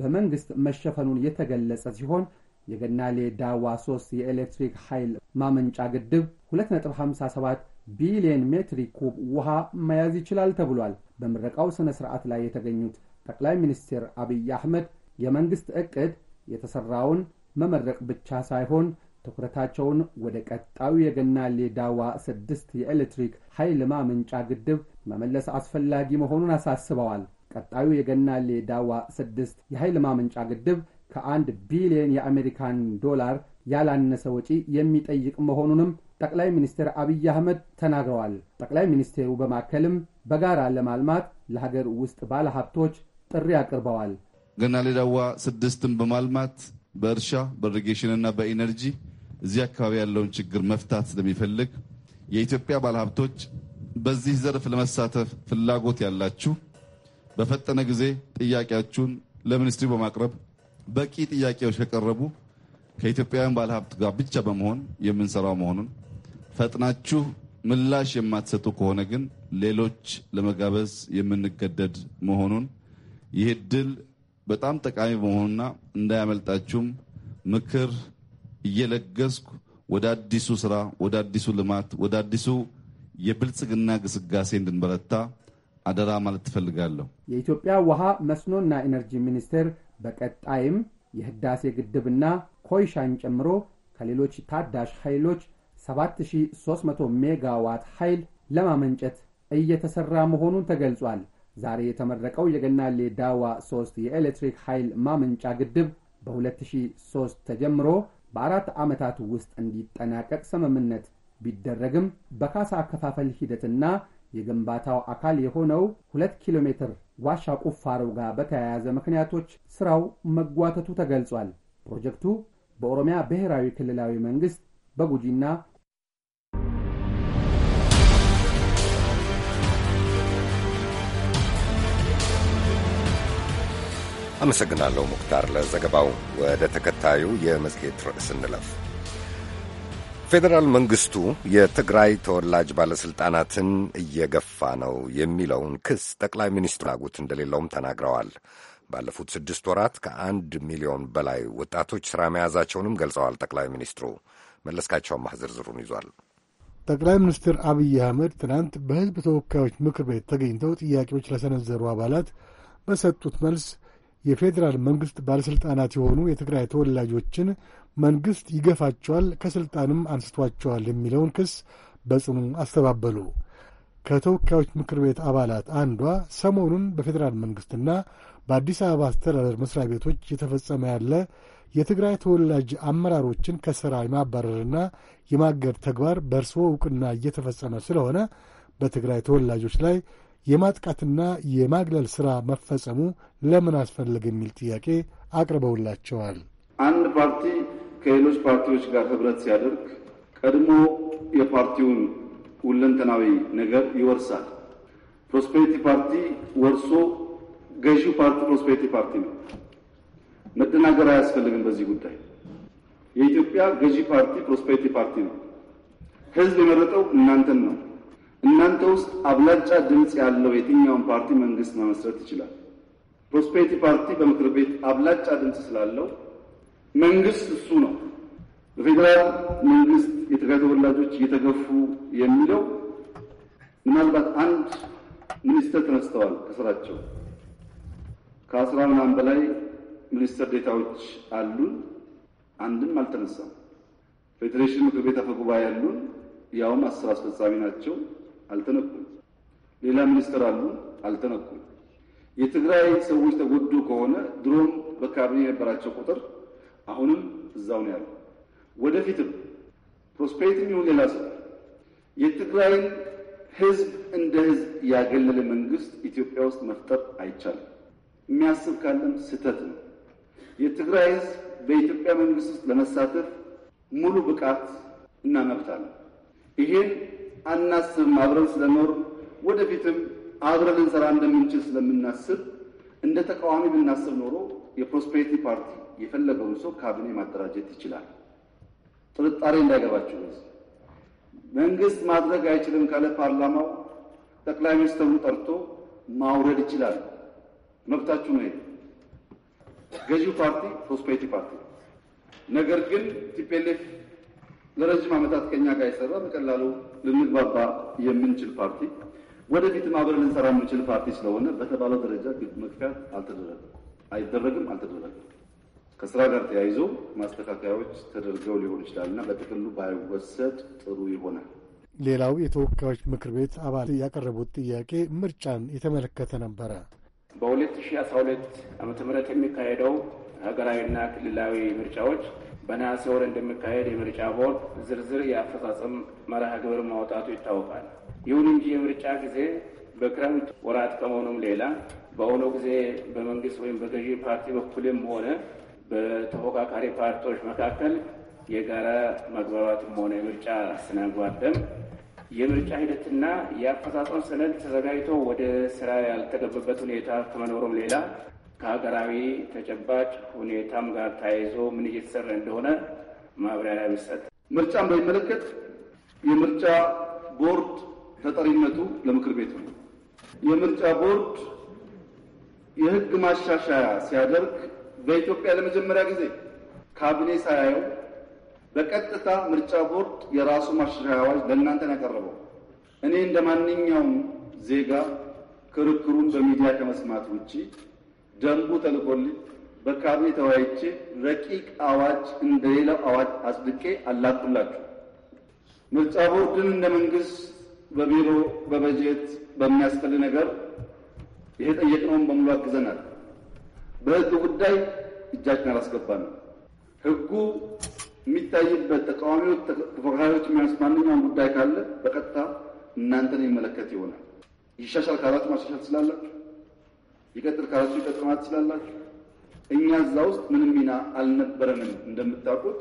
S9: በመንግሥት መሸፈኑን የተገለጸ ሲሆን የገናሌ ዳዋ 3 የኤሌክትሪክ ኃይል ማመንጫ ግድብ 257 ቢሊየን ሜትሪ ኩብ ውሃ መያዝ ይችላል ተብሏል። በምረቃው ሥነ ሥርዓት ላይ የተገኙት ጠቅላይ ሚኒስትር አብይ አህመድ የመንግሥት ዕቅድ የተሠራውን መመረቅ ብቻ ሳይሆን ትኩረታቸውን ወደ ቀጣዩ የገናሌ ዳዋ ስድስት የኤሌክትሪክ ኃይል ማመንጫ ግድብ መመለስ አስፈላጊ መሆኑን አሳስበዋል። ቀጣዩ የገናሌ ዳዋ ስድስት የኃይል ማመንጫ ግድብ ከአንድ ቢሊዮን የአሜሪካን ዶላር ያላነሰ ወጪ የሚጠይቅ መሆኑንም ጠቅላይ ሚኒስትር አብይ አህመድ ተናግረዋል። ጠቅላይ ሚኒስቴሩ በማከልም በጋራ ለማልማት ለሀገር ውስጥ ባለሀብቶች ጥሪ አቅርበዋል።
S10: ገና ሌዳዋ ስድስትን በማልማት በእርሻ በኢሪጌሽንና በኢነርጂ እዚህ አካባቢ ያለውን ችግር መፍታት ስለሚፈልግ የኢትዮጵያ ባለሀብቶች በዚህ ዘርፍ ለመሳተፍ ፍላጎት ያላችሁ በፈጠነ ጊዜ ጥያቄያችሁን ለሚኒስትሪ በማቅረብ በቂ ጥያቄዎች ከቀረቡ ከኢትዮጵያውያን ባለሀብት ጋር ብቻ በመሆን የምንሰራው መሆኑን ፈጥናችሁ ምላሽ የማትሰጡ ከሆነ ግን ሌሎች ለመጋበዝ የምንገደድ መሆኑን ይህ እድል በጣም ጠቃሚ በመሆኑና እንዳያመልጣችሁም ምክር እየለገስኩ ወደ አዲሱ ስራ፣ ወደ አዲሱ ልማት፣ ወደ አዲሱ የብልጽግና ግስጋሴ እንድንበረታ አደራ ማለት ትፈልጋለሁ።
S9: የኢትዮጵያ ውሃ መስኖና ኢነርጂ ሚኒስቴር በቀጣይም የህዳሴ ግድብና ኮይሻን ጨምሮ ከሌሎች ታዳሽ ኃይሎች 7300 ሜጋዋት ኃይል ለማመንጨት እየተሠራ መሆኑን ተገልጿል። ዛሬ የተመረቀው የገናሌ ዳዋ 3 የኤሌክትሪክ ኃይል ማመንጫ ግድብ በ2003 ተጀምሮ በአራት ዓመታት ውስጥ እንዲጠናቀቅ ስምምነት ቢደረግም በካሳ አከፋፈል ሂደትና የግንባታው አካል የሆነው ሁለት ኪሎ ሜትር ዋሻ ቁፋሮ ጋር በተያያዘ ምክንያቶች ስራው መጓተቱ ተገልጿል። ፕሮጀክቱ በኦሮሚያ ብሔራዊ ክልላዊ መንግስት በጉጂና
S1: አመሰግናለሁ ሙክታር ለዘገባው። ወደ ተከታዩ የመጽሔት ርዕስ እንለፍ። ፌዴራል መንግስቱ የትግራይ ተወላጅ ባለሥልጣናትን እየገፋ ነው የሚለውን ክስ ጠቅላይ ሚኒስትሩ ናጉት እንደሌለውም ተናግረዋል። ባለፉት ስድስት ወራት ከአንድ ሚሊዮን በላይ ወጣቶች ሥራ መያዛቸውንም ገልጸዋል። ጠቅላይ ሚኒስትሩ መለስካቸው አማህ ዝርዝሩን ይዟል።
S11: ጠቅላይ ሚኒስትር አብይ አህመድ ትናንት በሕዝብ ተወካዮች ምክር ቤት ተገኝተው ጥያቄዎች ለሰነዘሩ አባላት በሰጡት መልስ የፌዴራል መንግሥት ባለሥልጣናት የሆኑ የትግራይ ተወላጆችን መንግሥት ይገፋቸዋል፣ ከሥልጣንም አንስቷቸዋል የሚለውን ክስ በጽኑ አስተባበሉ። ከተወካዮች ምክር ቤት አባላት አንዷ ሰሞኑን በፌዴራል መንግሥትና በአዲስ አበባ አስተዳደር መሥሪያ ቤቶች እየተፈጸመ ያለ የትግራይ ተወላጅ አመራሮችን ከሥራ የማባረርና የማገድ ተግባር በእርስዎ ዕውቅና እየተፈጸመ ስለሆነ በትግራይ ተወላጆች ላይ የማጥቃትና የማግለል ሥራ መፈጸሙ ለምን አስፈለገ የሚል ጥያቄ አቅርበውላቸዋል።
S10: አንድ ፓርቲ ከሌሎች ፓርቲዎች ጋር ህብረት ሲያደርግ ቀድሞ የፓርቲውን ሁለንተናዊ ነገር ይወርሳል። ፕሮስፔሪቲ ፓርቲ ወርሶ ገዢው ፓርቲ ፕሮስፔሪቲ ፓርቲ ነው። መደናገር አያስፈልግም በዚህ ጉዳይ። የኢትዮጵያ ገዢ ፓርቲ ፕሮስፔሪቲ ፓርቲ ነው። ህዝብ የመረጠው እናንተን ነው። እናንተ ውስጥ አብላጫ ድምፅ ያለው የትኛውን ፓርቲ መንግስት መመስረት ይችላል። ፕሮስፔሪቲ ፓርቲ በምክር ቤት አብላጫ ድምፅ ስላለው መንግስት እሱ ነው። በፌዴራል መንግስት የትግራይ ተወላጆች እየተገፉ የሚለው ምናልባት አንድ ሚኒስተር ተነስተዋል ከስራቸው ከአስራ ምናምን በላይ ሚኒስተር ዴታዎች አሉን። አንድም አልተነሳም። ፌዴሬሽን ምክር ቤት አፈ ጉባኤ ያሉን ያውም አስር አስፈጻሚ ናቸው። አልተነኩም። ሌላ ሚኒስትር አሉ፣ አልተነኩም። የትግራይ ሰዎች ተጎዱ ከሆነ ድሮም በካቢኔ የነበራቸው ቁጥር አሁንም እዛው ነው ያለው። ወደፊትም ፕሮስፔሪቲም ይሁን ሌላ ሰው የትግራይን ህዝብ እንደ ህዝብ ያገለለ መንግስት ኢትዮጵያ ውስጥ መፍጠር አይቻልም። የሚያስብ ካለም ስህተት ነው። የትግራይ ህዝብ በኢትዮጵያ መንግስት ውስጥ ለመሳተፍ ሙሉ ብቃት እና መብት ይሄን አናስብም። አብረን ስለኖር ወደፊትም አብረን ልንሰራ እንደምንችል ስለምናስብ እንደ ተቃዋሚ ብናስብ ኖሮ የፕሮስፔሪቲ ፓርቲ የፈለገውን ሰው ካቢኔ ማደራጀት ይችላል። ጥርጣሬ እንዳይገባችሁ ነው። መንግስት ማድረግ አይችልም ካለ ፓርላማው ጠቅላይ ሚኒስትሩን ጠርቶ ማውረድ ይችላል። መብታችሁ ነው። ገዢው ፓርቲ ፕሮስፔሪቲ ፓርቲ ነገር ግን ቲፒኤልኤፍ ለረጅም ዓመታት ከኛ ጋር የሰራ በቀላሉ ልንግባባ የምንችል ፓርቲ ወደፊትም አብረን ልንሰራ የምንችል ፓርቲ ስለሆነ በተባለው ደረጃ መግፋት አልተደረገም፣ አይደረግም፣ አልተደረገም። ከስራ ጋር ተያይዞ ማስተካከያዎች ተደርገው ሊሆን ይችላል እና በጥቅሉ ባይወሰድ ጥሩ ይሆናል።
S11: ሌላው የተወካዮች ምክር ቤት አባል ያቀረቡት ጥያቄ ምርጫን የተመለከተ ነበረ።
S12: በ2012 ዓ ም የሚካሄደው ሀገራዊና ክልላዊ ምርጫዎች በነሐሴ ወር እንደሚካሄድ የምርጫ ቦርድ ዝርዝር የአፈጻጸም መርሃ ግብር ማውጣቱ ይታወቃል። ይሁን እንጂ የምርጫ ጊዜ በክረምት ወራት ከመሆኑም ሌላ በአሁኑ ጊዜ በመንግስት ወይም በገዢ ፓርቲ በኩልም ሆነ በተፎካካሪ ፓርቲዎች መካከል የጋራ መግባባትም ሆነ የምርጫ ስነጓደም የምርጫ ሂደትና የአፈጻጸም ሰነድ ተዘጋጅቶ ወደ ስራ ያልተገባበት ሁኔታ ከመኖሩም ሌላ ከሀገራዊ ተጨባጭ ሁኔታም ጋር ተያይዞ ምን እየተሰራ እንደሆነ ማብራሪያ ሚሰጥ።
S10: ምርጫን በሚመለከት የምርጫ ቦርድ ተጠሪነቱ ለምክር ቤት ነው። የምርጫ ቦርድ የሕግ ማሻሻያ ሲያደርግ በኢትዮጵያ ለመጀመሪያ ጊዜ ካቢኔ ሳያየው በቀጥታ ምርጫ ቦርድ የራሱ ማሻሻያ አዋጅ ለእናንተን ያቀረበው። እኔ እንደ ማንኛውም ዜጋ ክርክሩን በሚዲያ ከመስማት ውጭ ደንቡ ተልኮልኝ በካቢ ተወያይቼ ረቂቅ አዋጅ እንደሌላው አዋጅ አጽድቄ አላቁላችሁ። ምርጫ ቦርድን እንደ መንግስት በቢሮ በበጀት በሚያስፈል ነገር ይሄ ጠየቅነውን በሙሉ አግዘናል። በህግ ጉዳይ እጃችን አላስገባንም። ህጉ የሚታይበት ተቃዋሚዎች፣ ተፎካካሪዎች የሚያነሱ ማንኛውም ጉዳይ ካለ በቀጥታ እናንተን ይመለከት ይሆናል። ይሻሻል ካላችሁ ማሻሻል ስላላችሁ ይቀጥል ካላችሁ ይቀጥል ማለት ትችላላችሁ። እኛ እዛ ውስጥ ምንም ሚና አልነበረንም። እንደምታውቁት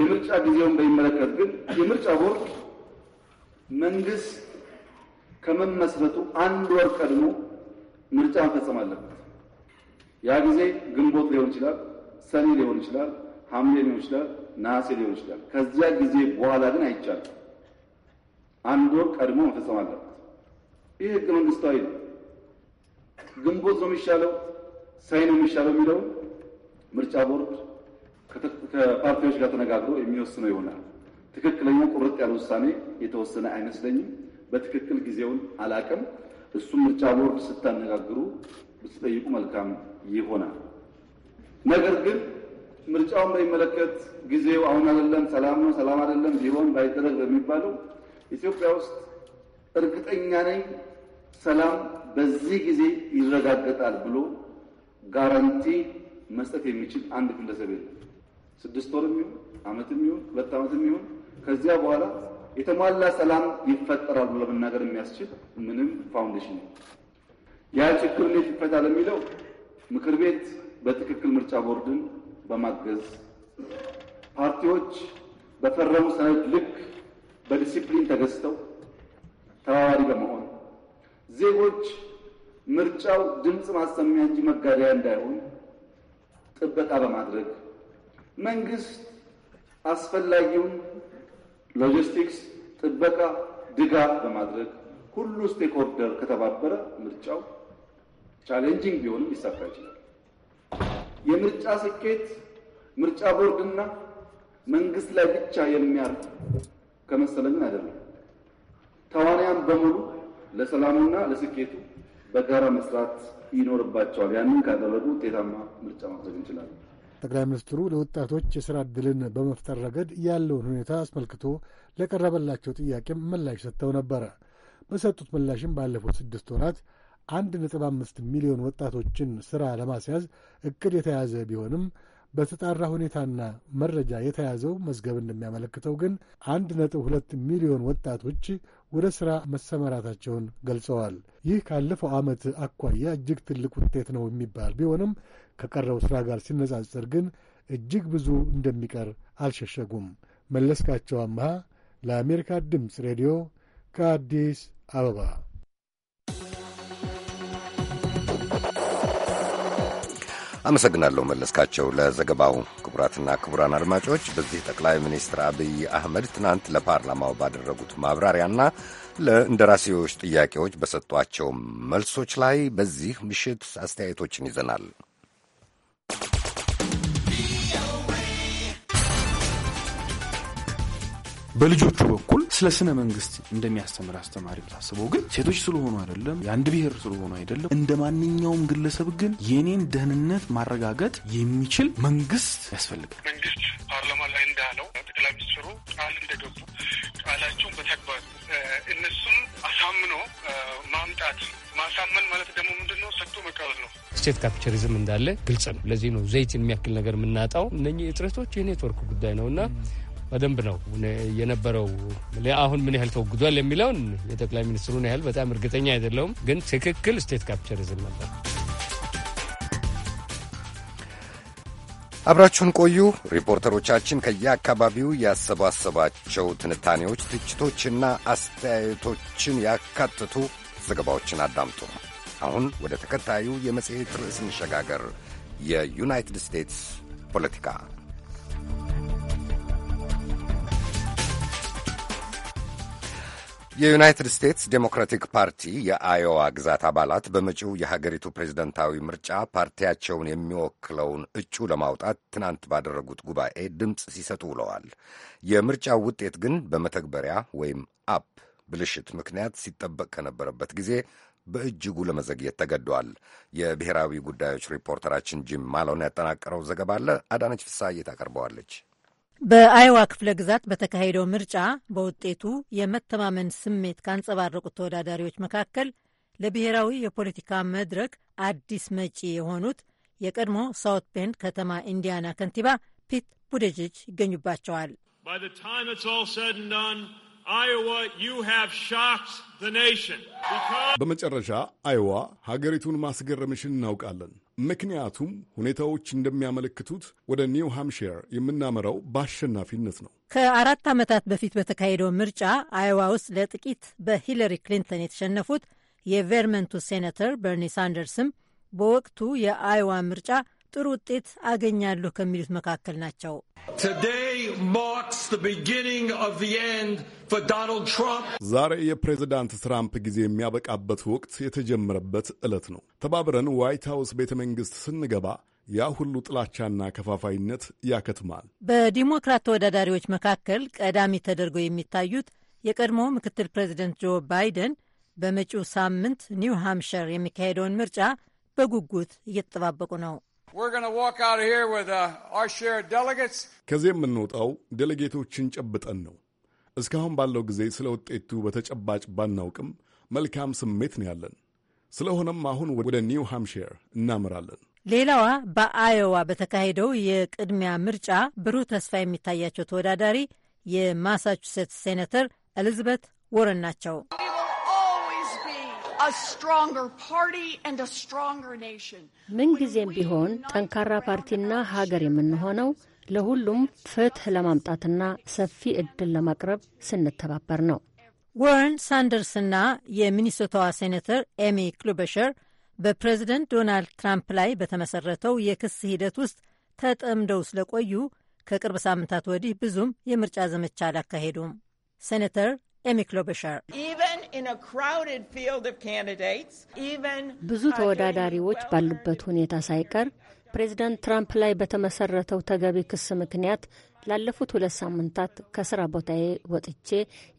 S10: የምርጫ ጊዜውን በሚመለከት ግን የምርጫ ቦርድ መንግስት ከመመስረቱ አንድ ወር ቀድሞ ምርጫ መፈጸም አለበት። ያ ጊዜ ግንቦት ሊሆን ይችላል፣ ሰኔ ሊሆን ይችላል፣ ሐምሌ ሊሆን ይችላል፣ ነሐሴ ሊሆን ይችላል። ከዚያ ጊዜ በኋላ ግን አይቻልም። አንድ ወር ቀድሞ መፈጸም አለበት። ይህ ህገ መንግስታዊ ነው። ግንቦት ነው የሚሻለው ሳይ ነው የሚሻለው የሚለው ምርጫ ቦርድ ከፓርቲዎች ጋር ተነጋግሮ የሚወስነው ይሆናል። ትክክለኛ ቁርጥ ያለ ውሳኔ የተወሰነ አይመስለኝም። በትክክል ጊዜውን አላቅም። እሱም ምርጫ ቦርድ ስታነጋግሩ ብትጠይቁ መልካም ይሆናል። ነገር ግን ምርጫውን በሚመለከት ጊዜው አሁን አይደለም፣ ሰላም ነው፣ ሰላም አይደለም፣ ቢሆን ባይደረግ በሚባለው ኢትዮጵያ ውስጥ እርግጠኛ ነኝ ሰላም በዚህ ጊዜ ይረጋገጣል ብሎ ጋራንቲ መስጠት የሚችል አንድ ግለሰብ የለም። ስድስት ወርም የሚሆን አመት የሚሆን ሁለት አመት የሚሆን ከዚያ በኋላ የተሟላ ሰላም ይፈጠራል ብሎ ለመናገር የሚያስችል ምንም ፋውንዴሽን ነው። ያ ችግር እንዴት ይፈታል የሚለው ምክር ቤት በትክክል ምርጫ ቦርድን በማገዝ ፓርቲዎች በፈረሙ ሰነድ ልክ በዲሲፕሊን ተገዝተው ተባባሪ በመሆን ዜጎች ምርጫው ድምፅ ማሰሚያ እንጂ መጋደያ እንዳይሆን ጥበቃ በማድረግ መንግስት አስፈላጊውን ሎጂስቲክስ ጥበቃ ድጋፍ በማድረግ ሁሉ ስቴክሆልደር ከተባበረ ምርጫው ቻሌንጂንግ ቢሆንም ሊሳካ ይችላል። የምርጫ ስኬት ምርጫ ቦርድና መንግስት ላይ ብቻ የሚያርፍ ከመሰለኝ አይደለም። ተዋንያን በሙሉ ለሰላሙና ለስኬቱ በጋራ መስራት ይኖርባቸዋል። ያንን ካደረጉ ውጤታማ ምርጫ ማድረግ እንችላለን።
S11: ጠቅላይ ሚኒስትሩ ለወጣቶች የስራ እድልን በመፍጠር ረገድ ያለውን ሁኔታ አስመልክቶ ለቀረበላቸው ጥያቄም ምላሽ ሰጥተው ነበረ። በሰጡት ምላሽም ባለፉት ስድስት ወራት አንድ ነጥብ አምስት ሚሊዮን ወጣቶችን ስራ ለማስያዝ እቅድ የተያዘ ቢሆንም በተጣራ ሁኔታና መረጃ የተያዘው መዝገብ እንደሚያመለክተው ግን አንድ ነጥብ ሁለት ሚሊዮን ወጣቶች ወደ ሥራ መሰማራታቸውን ገልጸዋል። ይህ ካለፈው ዓመት አኳያ እጅግ ትልቅ ውጤት ነው የሚባል ቢሆንም ከቀረው ሥራ ጋር ሲነጻጸር ግን እጅግ ብዙ እንደሚቀር አልሸሸጉም። መለስካቸው አምሃ ለአሜሪካ ድምፅ ሬዲዮ ከአዲስ አበባ
S1: አመሰግናለሁ መለስካቸው ለዘገባው። ክቡራትና ክቡራን አድማጮች በዚህ ጠቅላይ ሚኒስትር አብይ አህመድ ትናንት ለፓርላማው ባደረጉት ማብራሪያና ለእንደራሴዎች ጥያቄዎች በሰጧቸው መልሶች ላይ በዚህ ምሽት አስተያየቶችን ይዘናል።
S13: በልጆቹ በኩል ስለ ስነ መንግስት እንደሚያስተምር አስተማሪ ታስበው፣ ግን ሴቶች ስለሆኑ አይደለም፣ የአንድ ብሔር ስለሆኑ አይደለም። እንደ ማንኛውም ግለሰብ ግን የኔን ደህንነት ማረጋገጥ የሚችል መንግስት ያስፈልጋል።
S14: መንግስት ፓርላማ ላይ እንዳለው ጠቅላይ ሚኒስትሩ ቃል እንደገቡ ቃላቸውን በተግባር እነሱም አሳምኖ ማምጣት ማሳመን ማለት ደግሞ
S15: ምንድን ነው? ሰጥቶ መቀበል ነው። ስቴት ካፒቸሪዝም እንዳለ ግልጽ ነው። ለዚህ ነው ዘይት የሚያክል ነገር የምናጣው። እነኚህ እጥረቶች የኔትወርክ ጉዳይ ነው እና በደንብ ነው የነበረው። አሁን ምን ያህል ተወግዷል የሚለውን የጠቅላይ ሚኒስትሩን ያህል በጣም እርግጠኛ አይደለውም፣ ግን ትክክል ስቴት ካፕቸሪዝም ነበር።
S1: አብራችሁን ቆዩ። ሪፖርተሮቻችን ከየአካባቢው ያሰባሰባቸው ትንታኔዎች፣ ትችቶችና አስተያየቶችን ያካትቱ ዘገባዎችን አዳምጡ። አሁን ወደ ተከታዩ የመጽሔት ርዕስ እንሸጋገር። የዩናይትድ ስቴትስ ፖለቲካ የዩናይትድ ስቴትስ ዴሞክራቲክ ፓርቲ የአዮዋ ግዛት አባላት በመጪው የሀገሪቱ ፕሬዝደንታዊ ምርጫ ፓርቲያቸውን የሚወክለውን እጩ ለማውጣት ትናንት ባደረጉት ጉባኤ ድምፅ ሲሰጡ ውለዋል። የምርጫው ውጤት ግን በመተግበሪያ ወይም አፕ ብልሽት ምክንያት ሲጠበቅ ከነበረበት ጊዜ በእጅጉ ለመዘግየት ተገዷል። የብሔራዊ ጉዳዮች ሪፖርተራችን ጂም ማሎን ያጠናቀረው ዘገባ አለ። አዳነች ፍሳዬ ታቀርበዋለች።
S16: በአይዋ ክፍለ ግዛት በተካሄደው ምርጫ በውጤቱ የመተማመን ስሜት ካንጸባረቁት ተወዳዳሪዎች መካከል ለብሔራዊ የፖለቲካ መድረክ አዲስ መጪ የሆኑት የቀድሞ ሳውት ቤንድ ከተማ ኢንዲያና ከንቲባ ፒት ቡደጅጅ ይገኙባቸዋል።
S6: በመጨረሻ አይዋ ሀገሪቱን ማስገረምሽን እናውቃለን ምክንያቱም ሁኔታዎች እንደሚያመለክቱት ወደ ኒው ሃምሽር የምናመራው በአሸናፊነት ነው።
S16: ከአራት ዓመታት በፊት በተካሄደው ምርጫ አይዋ ውስጥ ለጥቂት በሂለሪ ክሊንተን የተሸነፉት የቨርመንቱ ሴኔተር በርኒ ሳንደርስም በወቅቱ የአይዋ ምርጫ ጥሩ ውጤት አገኛለሁ ከሚሉት መካከል ናቸው።
S6: ዛሬ የፕሬዝዳንት ትራምፕ ጊዜ የሚያበቃበት ወቅት የተጀመረበት ዕለት ነው። ተባብረን ዋይት ሀውስ ቤተ መንግሥት ስንገባ ያ ሁሉ ጥላቻና ከፋፋይነት ያከትማል።
S16: በዲሞክራት ተወዳዳሪዎች መካከል ቀዳሚ ተደርገው የሚታዩት የቀድሞ ምክትል ፕሬዚደንት ጆ ባይደን በመጪው ሳምንት ኒው ሃምሽር የሚካሄደውን ምርጫ በጉጉት እየተጠባበቁ ነው።
S6: Uh, ከዚህ የምንወጣው ዴሌጌቶችን ጨብጠን ነው። እስካሁን ባለው ጊዜ ስለ ውጤቱ በተጨባጭ ባናውቅም መልካም ስሜት ነው ያለን። ስለሆነም አሁን ወደ ኒው ሃምሽር እናመራለን።
S16: ሌላዋ በአዮዋ በተካሄደው የቅድሚያ ምርጫ ብሩህ ተስፋ የሚታያቸው ተወዳዳሪ የማሳቹሴትስ ሴኔተር ኤሊዝቤት ወረን ናቸው።
S4: ምንጊዜም ቢሆን ጠንካራ ፓርቲና ሀገር የምንሆነው ለሁሉም ፍትህ ለማምጣትና ሰፊ እድል ለማቅረብ ስንተባበር ነው።
S16: ወረን ሳንደርስና የሚኒሶታዋ ሴኔተር ኤሚ ክሉበሸር በፕሬዝደንት ዶናልድ ትራምፕ ላይ በተመሰረተው የክስ ሂደት ውስጥ ተጠምደው ስለቆዩ ከቅርብ ሳምንታት ወዲህ ብዙም የምርጫ ዘመቻ አላካሄዱም። ሴኔተር ኤሚክ ሎበሻር
S17: ብዙ
S4: ተወዳዳሪዎች ባሉበት ሁኔታ ሳይቀር ፕሬዚዳንት ትራምፕ ላይ በተመሰረተው ተገቢ ክስ ምክንያት ላለፉት ሁለት ሳምንታት ከስራ ቦታዬ ወጥቼ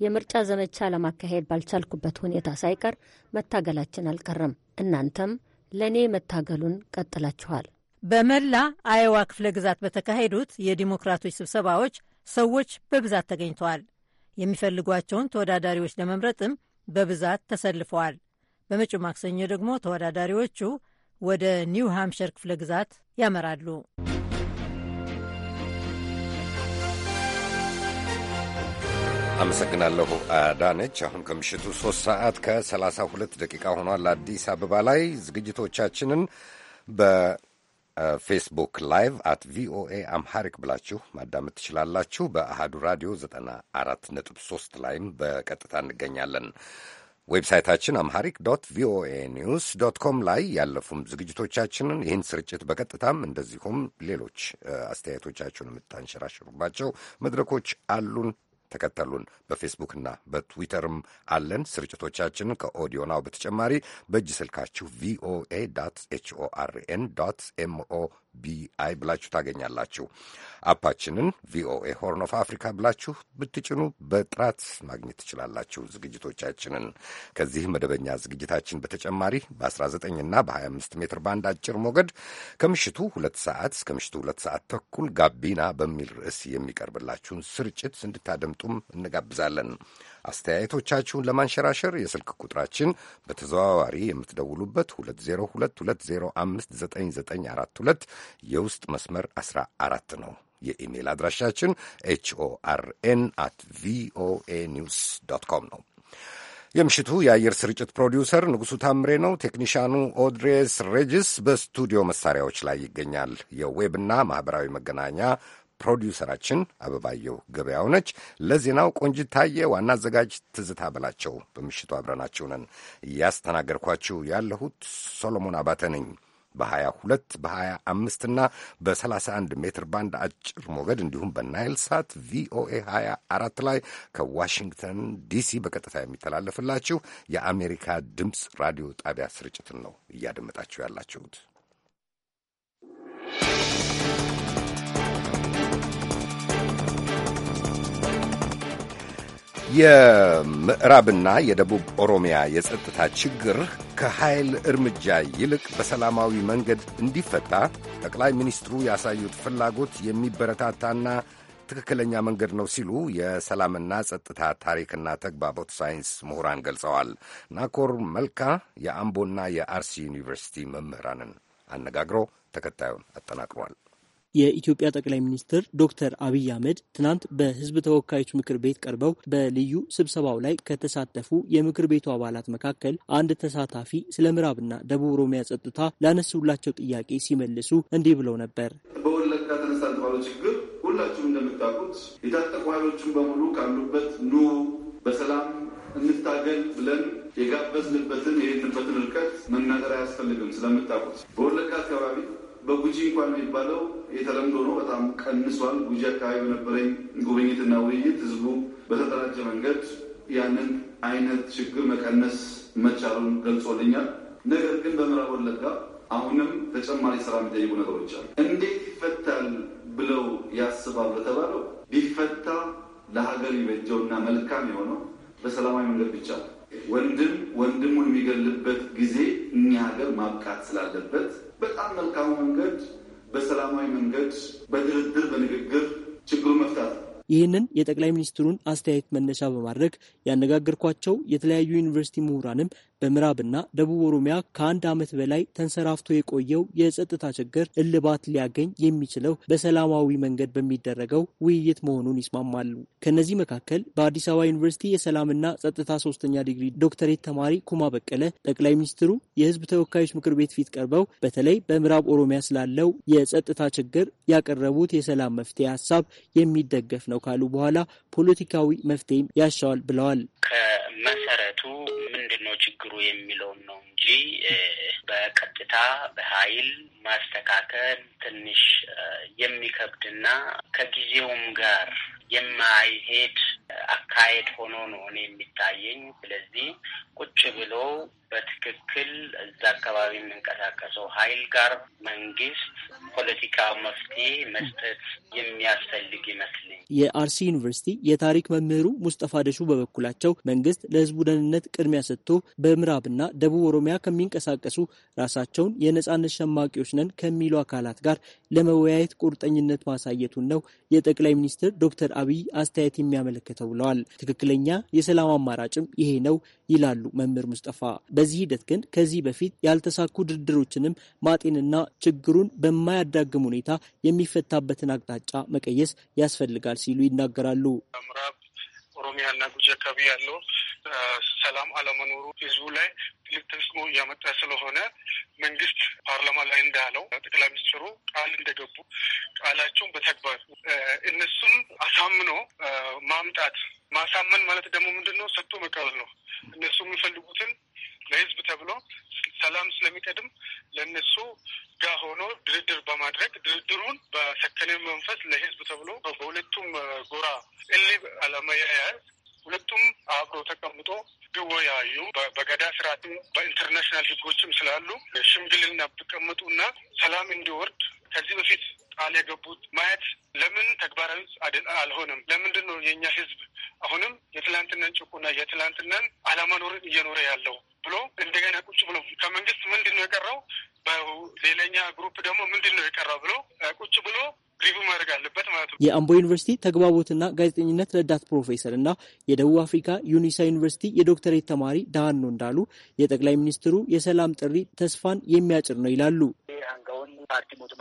S4: የምርጫ ዘመቻ ለማካሄድ ባልቻልኩበት ሁኔታ ሳይቀር መታገላችን አልቀረም። እናንተም ለእኔ መታገሉን ቀጥላችኋል።
S16: በመላ አዮዋ ክፍለ ግዛት በተካሄዱት የዲሞክራቶች ስብሰባዎች ሰዎች በብዛት ተገኝተዋል። የሚፈልጓቸውን ተወዳዳሪዎች ለመምረጥም በብዛት ተሰልፈዋል። በመጪው ማክሰኞ ደግሞ ተወዳዳሪዎቹ ወደ ኒው ሃምፕሸር ክፍለ ግዛት ያመራሉ።
S1: አመሰግናለሁ አዳነች። አሁን ከምሽቱ 3 ሰዓት ከ32 ደቂቃ ሆኗል። አዲስ አበባ ላይ ዝግጅቶቻችንን በ ፌስቡክ ላይቭ አት ቪኦኤ አምሃሪክ ብላችሁ ማዳመጥ ትችላላችሁ። በአሃዱ ራዲዮ 94.3 ላይም በቀጥታ እንገኛለን። ዌብሳይታችን አምሃሪክ ዶት ቪኦኤ ኒውስ ዶት ኮም ላይ ያለፉም ዝግጅቶቻችንን ይህን ስርጭት በቀጥታም እንደዚሁም ሌሎች አስተያየቶቻችሁን የምታንሸራሽሩባቸው መድረኮች አሉን። ተከተሉን። በፌስቡክና በትዊተርም አለን። ስርጭቶቻችን ከኦዲዮ ናው በተጨማሪ በእጅ ስልካችሁ ቪኦኤ ዶት ኤችኦአርኤን ኤምኦ ቢአይ ብላችሁ ታገኛላችሁ። አፓችንን ቪኦኤ ሆርን ኦፍ አፍሪካ ብላችሁ ብትጭኑ በጥራት ማግኘት ትችላላችሁ ዝግጅቶቻችንን። ከዚህ መደበኛ ዝግጅታችን በተጨማሪ በ19ና በ25 ሜትር ባንድ አጭር ሞገድ ከምሽቱ ሁለት ሰዓት እስከ ምሽቱ ሁለት ሰዓት ተኩል ጋቢና በሚል ርዕስ የሚቀርብላችሁን ስርጭት እንድታደምጡም እንጋብዛለን። አስተያየቶቻችሁን ለማንሸራሸር የስልክ ቁጥራችን በተዘዋዋሪ የምትደውሉበት 2022059942 የውስጥ መስመር 14 ነው። የኢሜይል አድራሻችን ኤችኦአርኤን አት ቪኦኤ ኒውስ ዶት ኮም ነው። የምሽቱ የአየር ስርጭት ፕሮዲውሰር ንጉሡ ታምሬ ነው። ቴክኒሻኑ ኦድሬስ ሬጅስ በስቱዲዮ መሳሪያዎች ላይ ይገኛል። የዌብና ማኅበራዊ መገናኛ ፕሮዲውሰራችን አበባየሁ ገበያው ነች። ለዜናው ቆንጅት ታየ፣ ዋና አዘጋጅ ትዝታ በላቸው። በምሽቱ አብረናችሁ ነን። እያስተናገድኳችሁ ያለሁት ሶሎሞን አባተ ነኝ። በ22 በ25 እና በ31 ሜትር ባንድ አጭር ሞገድ እንዲሁም በናይል ሳት ቪኦኤ 24 ላይ ከዋሽንግተን ዲሲ በቀጥታ የሚተላለፍላችሁ የአሜሪካ ድምፅ ራዲዮ ጣቢያ ስርጭትን ነው እያደመጣችሁ ያላችሁት። የምዕራብና የደቡብ ኦሮሚያ የጸጥታ ችግር ከኃይል እርምጃ ይልቅ በሰላማዊ መንገድ እንዲፈታ ጠቅላይ ሚኒስትሩ ያሳዩት ፍላጎት የሚበረታታና ትክክለኛ መንገድ ነው ሲሉ የሰላምና ጸጥታ ታሪክና ተግባቦት ሳይንስ ምሁራን ገልጸዋል። ናኮር መልካ የአምቦና የአርሲ ዩኒቨርሲቲ መምህራንን አነጋግሮ ተከታዩን
S17: አጠናቅሯል። የኢትዮጵያ ጠቅላይ ሚኒስትር ዶክተር አብይ አህመድ ትናንት በህዝብ ተወካዮች ምክር ቤት ቀርበው በልዩ ስብሰባው ላይ ከተሳተፉ የምክር ቤቱ አባላት መካከል አንድ ተሳታፊ ስለ ምዕራብና ደቡብ ኦሮሚያ ጸጥታ ላነሱላቸው ጥያቄ ሲመልሱ እንዲህ ብለው ነበር።
S10: በወለጋ ተነሳን ባለው ችግር ሁላችሁም እንደምታውቁት የታጠቁ ኃይሎችን በሙሉ ካሉበት ኑ በሰላም እንታገል ብለን የጋበዝንበትን የሄድንበትን እርቀት መናገር አያስፈልግም ስለምታውቁት በወለጋ አካባቢ በጉጂ እንኳን የሚባለው የተለምዶ ነው፣ በጣም ቀንሷል። ጉጂ አካባቢ በነበረኝ ጉብኝትና ውይይት ህዝቡ በተደራጀ መንገድ ያንን አይነት ችግር መቀነስ መቻሉን ገልጾልኛል። ነገር ግን በምዕራብ ወለጋ አሁንም ተጨማሪ ስራ የሚጠይቁ ነገሮች አሉ። እንዴት ይፈታል ብለው ያስባሉ ተባለው ቢፈታ ለሀገር ይበጀውና መልካም የሆነው በሰላማዊ መንገድ ብቻ ነው። ወንድም ወንድሙን የሚገልበት ጊዜ እኛ ሀገር ማብቃት ስላለበት በጣም መልካሙ መንገድ በሰላማዊ መንገድ በድርድር በንግግር ችግሩ መፍታት ነው።
S17: ይህንን የጠቅላይ ሚኒስትሩን አስተያየት መነሻ በማድረግ ያነጋገርኳቸው የተለያዩ ዩኒቨርሲቲ ምሁራንም በምዕራብና ደቡብ ኦሮሚያ ከአንድ ዓመት በላይ ተንሰራፍቶ የቆየው የጸጥታ ችግር እልባት ሊያገኝ የሚችለው በሰላማዊ መንገድ በሚደረገው ውይይት መሆኑን ይስማማሉ። ከእነዚህ መካከል በአዲስ አበባ ዩኒቨርሲቲ የሰላምና ጸጥታ ሶስተኛ ዲግሪ ዶክተሬት ተማሪ ኩማ በቀለ ጠቅላይ ሚኒስትሩ የሕዝብ ተወካዮች ምክር ቤት ፊት ቀርበው በተለይ በምዕራብ ኦሮሚያ ስላለው የጸጥታ ችግር ያቀረቡት የሰላም መፍትሄ ሀሳብ የሚደገፍ ነው ካሉ በኋላ ፖለቲካዊ መፍትሄም ያሻዋል ብለዋል።
S14: ከመሰረቱ ምንድነው ችግሩ
S18: የሚለውን ነው እንጂ በቀጥታ በኃይል ማስተካከል ትንሽ የሚከብድና ከጊዜውም ጋር የማይሄድ አካሄድ ሆኖ ነው እኔ የሚታየኝ። ስለዚህ ቁጭ ብሎ በትክክል እዛ አካባቢ የምንቀሳቀሰው ኃይል ጋር መንግስት
S17: ፖለቲካ መፍትሄ መስጠት የሚያስፈልግ ይመስልኝ። የአርሲ ዩኒቨርሲቲ የታሪክ መምህሩ ሙስጠፋ ደሹ በበኩላቸው መንግስት ለህዝቡ ደህንነት ቅድሚያ ሰጥቶ በምዕራብና ደቡብ ኦሮሚያ ከሚንቀሳቀሱ ራሳቸውን የነጻነት ሸማቂዎች ነን ከሚሉ አካላት ጋር ለመወያየት ቁርጠኝነት ማሳየቱን ነው የጠቅላይ ሚኒስትር ዶክተር አብይ አስተያየት የሚያመለክተው ብለዋል። ትክክለኛ የሰላም አማራጭም ይሄ ነው ይላሉ መምህር ሙስጠፋ። በዚህ ሂደት ግን ከዚህ በፊት ያልተሳኩ ድርድሮችንም ማጤንና ችግሩን በማያዳግም ሁኔታ የሚፈታበትን አቅጣጫ መቀየስ ያስፈልጋል ሲሉ ይናገራሉ።
S14: ኦሮሚያና ጉጂ አካባቢ ያለው ሰላም አለመኖሩ ህዝቡ ላይ ትልቅ ተጽዕኖ እያመጣ ስለሆነ መንግስት ፓርላማ ላይ እንዳለው ጠቅላይ ሚኒስትሩ ቃል እንደገቡ ቃላቸውን በተግባር እነሱም አሳምኖ ማምጣት ማሳመን ማለት ደግሞ ምንድን ነው? ሰጥቶ መቀበል ነው። እነሱ የሚፈልጉትን ለህዝብ ተብሎ ሰላም ስለሚቀድም ለእነሱ ጋር ሆኖ ድርድር በማድረግ ድርድሩን በሰከነ መንፈስ ለህዝብ ተብሎ በሁለቱም ጎራ እልህ አለመያያዝ ሁለቱም አብሮ ተቀምጦ ቢወያዩ በገዳ ስርዓት በኢንተርናሽናል ህጎችም ስላሉ ሽምግልና ቢቀምጡና ሰላም እንዲወርድ ከዚህ በፊት ቃል የገቡት ማየት ለምን ተግባራዊ አልሆነም? ለምንድን ነው የእኛ ህዝብ አሁንም የትላንትናን ጭቆና የትላንትናን አለመኖርን እየኖረ ያለው? ብሎ እንደገና ቁጭ ብሎ ከመንግስት ምንድን ነው የቀረው፣ በሌላኛ ግሩፕ ደግሞ ምንድን ነው የቀረው ብሎ ቁጭ ብሎ
S17: ሪቪ ማድረግ አለበት ማለት ነው። የአምቦ ዩኒቨርሲቲ ተግባቦትና ጋዜጠኝነት ረዳት ፕሮፌሰር እና የደቡብ አፍሪካ ዩኒሳ ዩኒቨርሲቲ የዶክተሬት ተማሪ ዳሃኖ እንዳሉ የጠቅላይ ሚኒስትሩ የሰላም ጥሪ ተስፋን የሚያጭር ነው ይላሉ።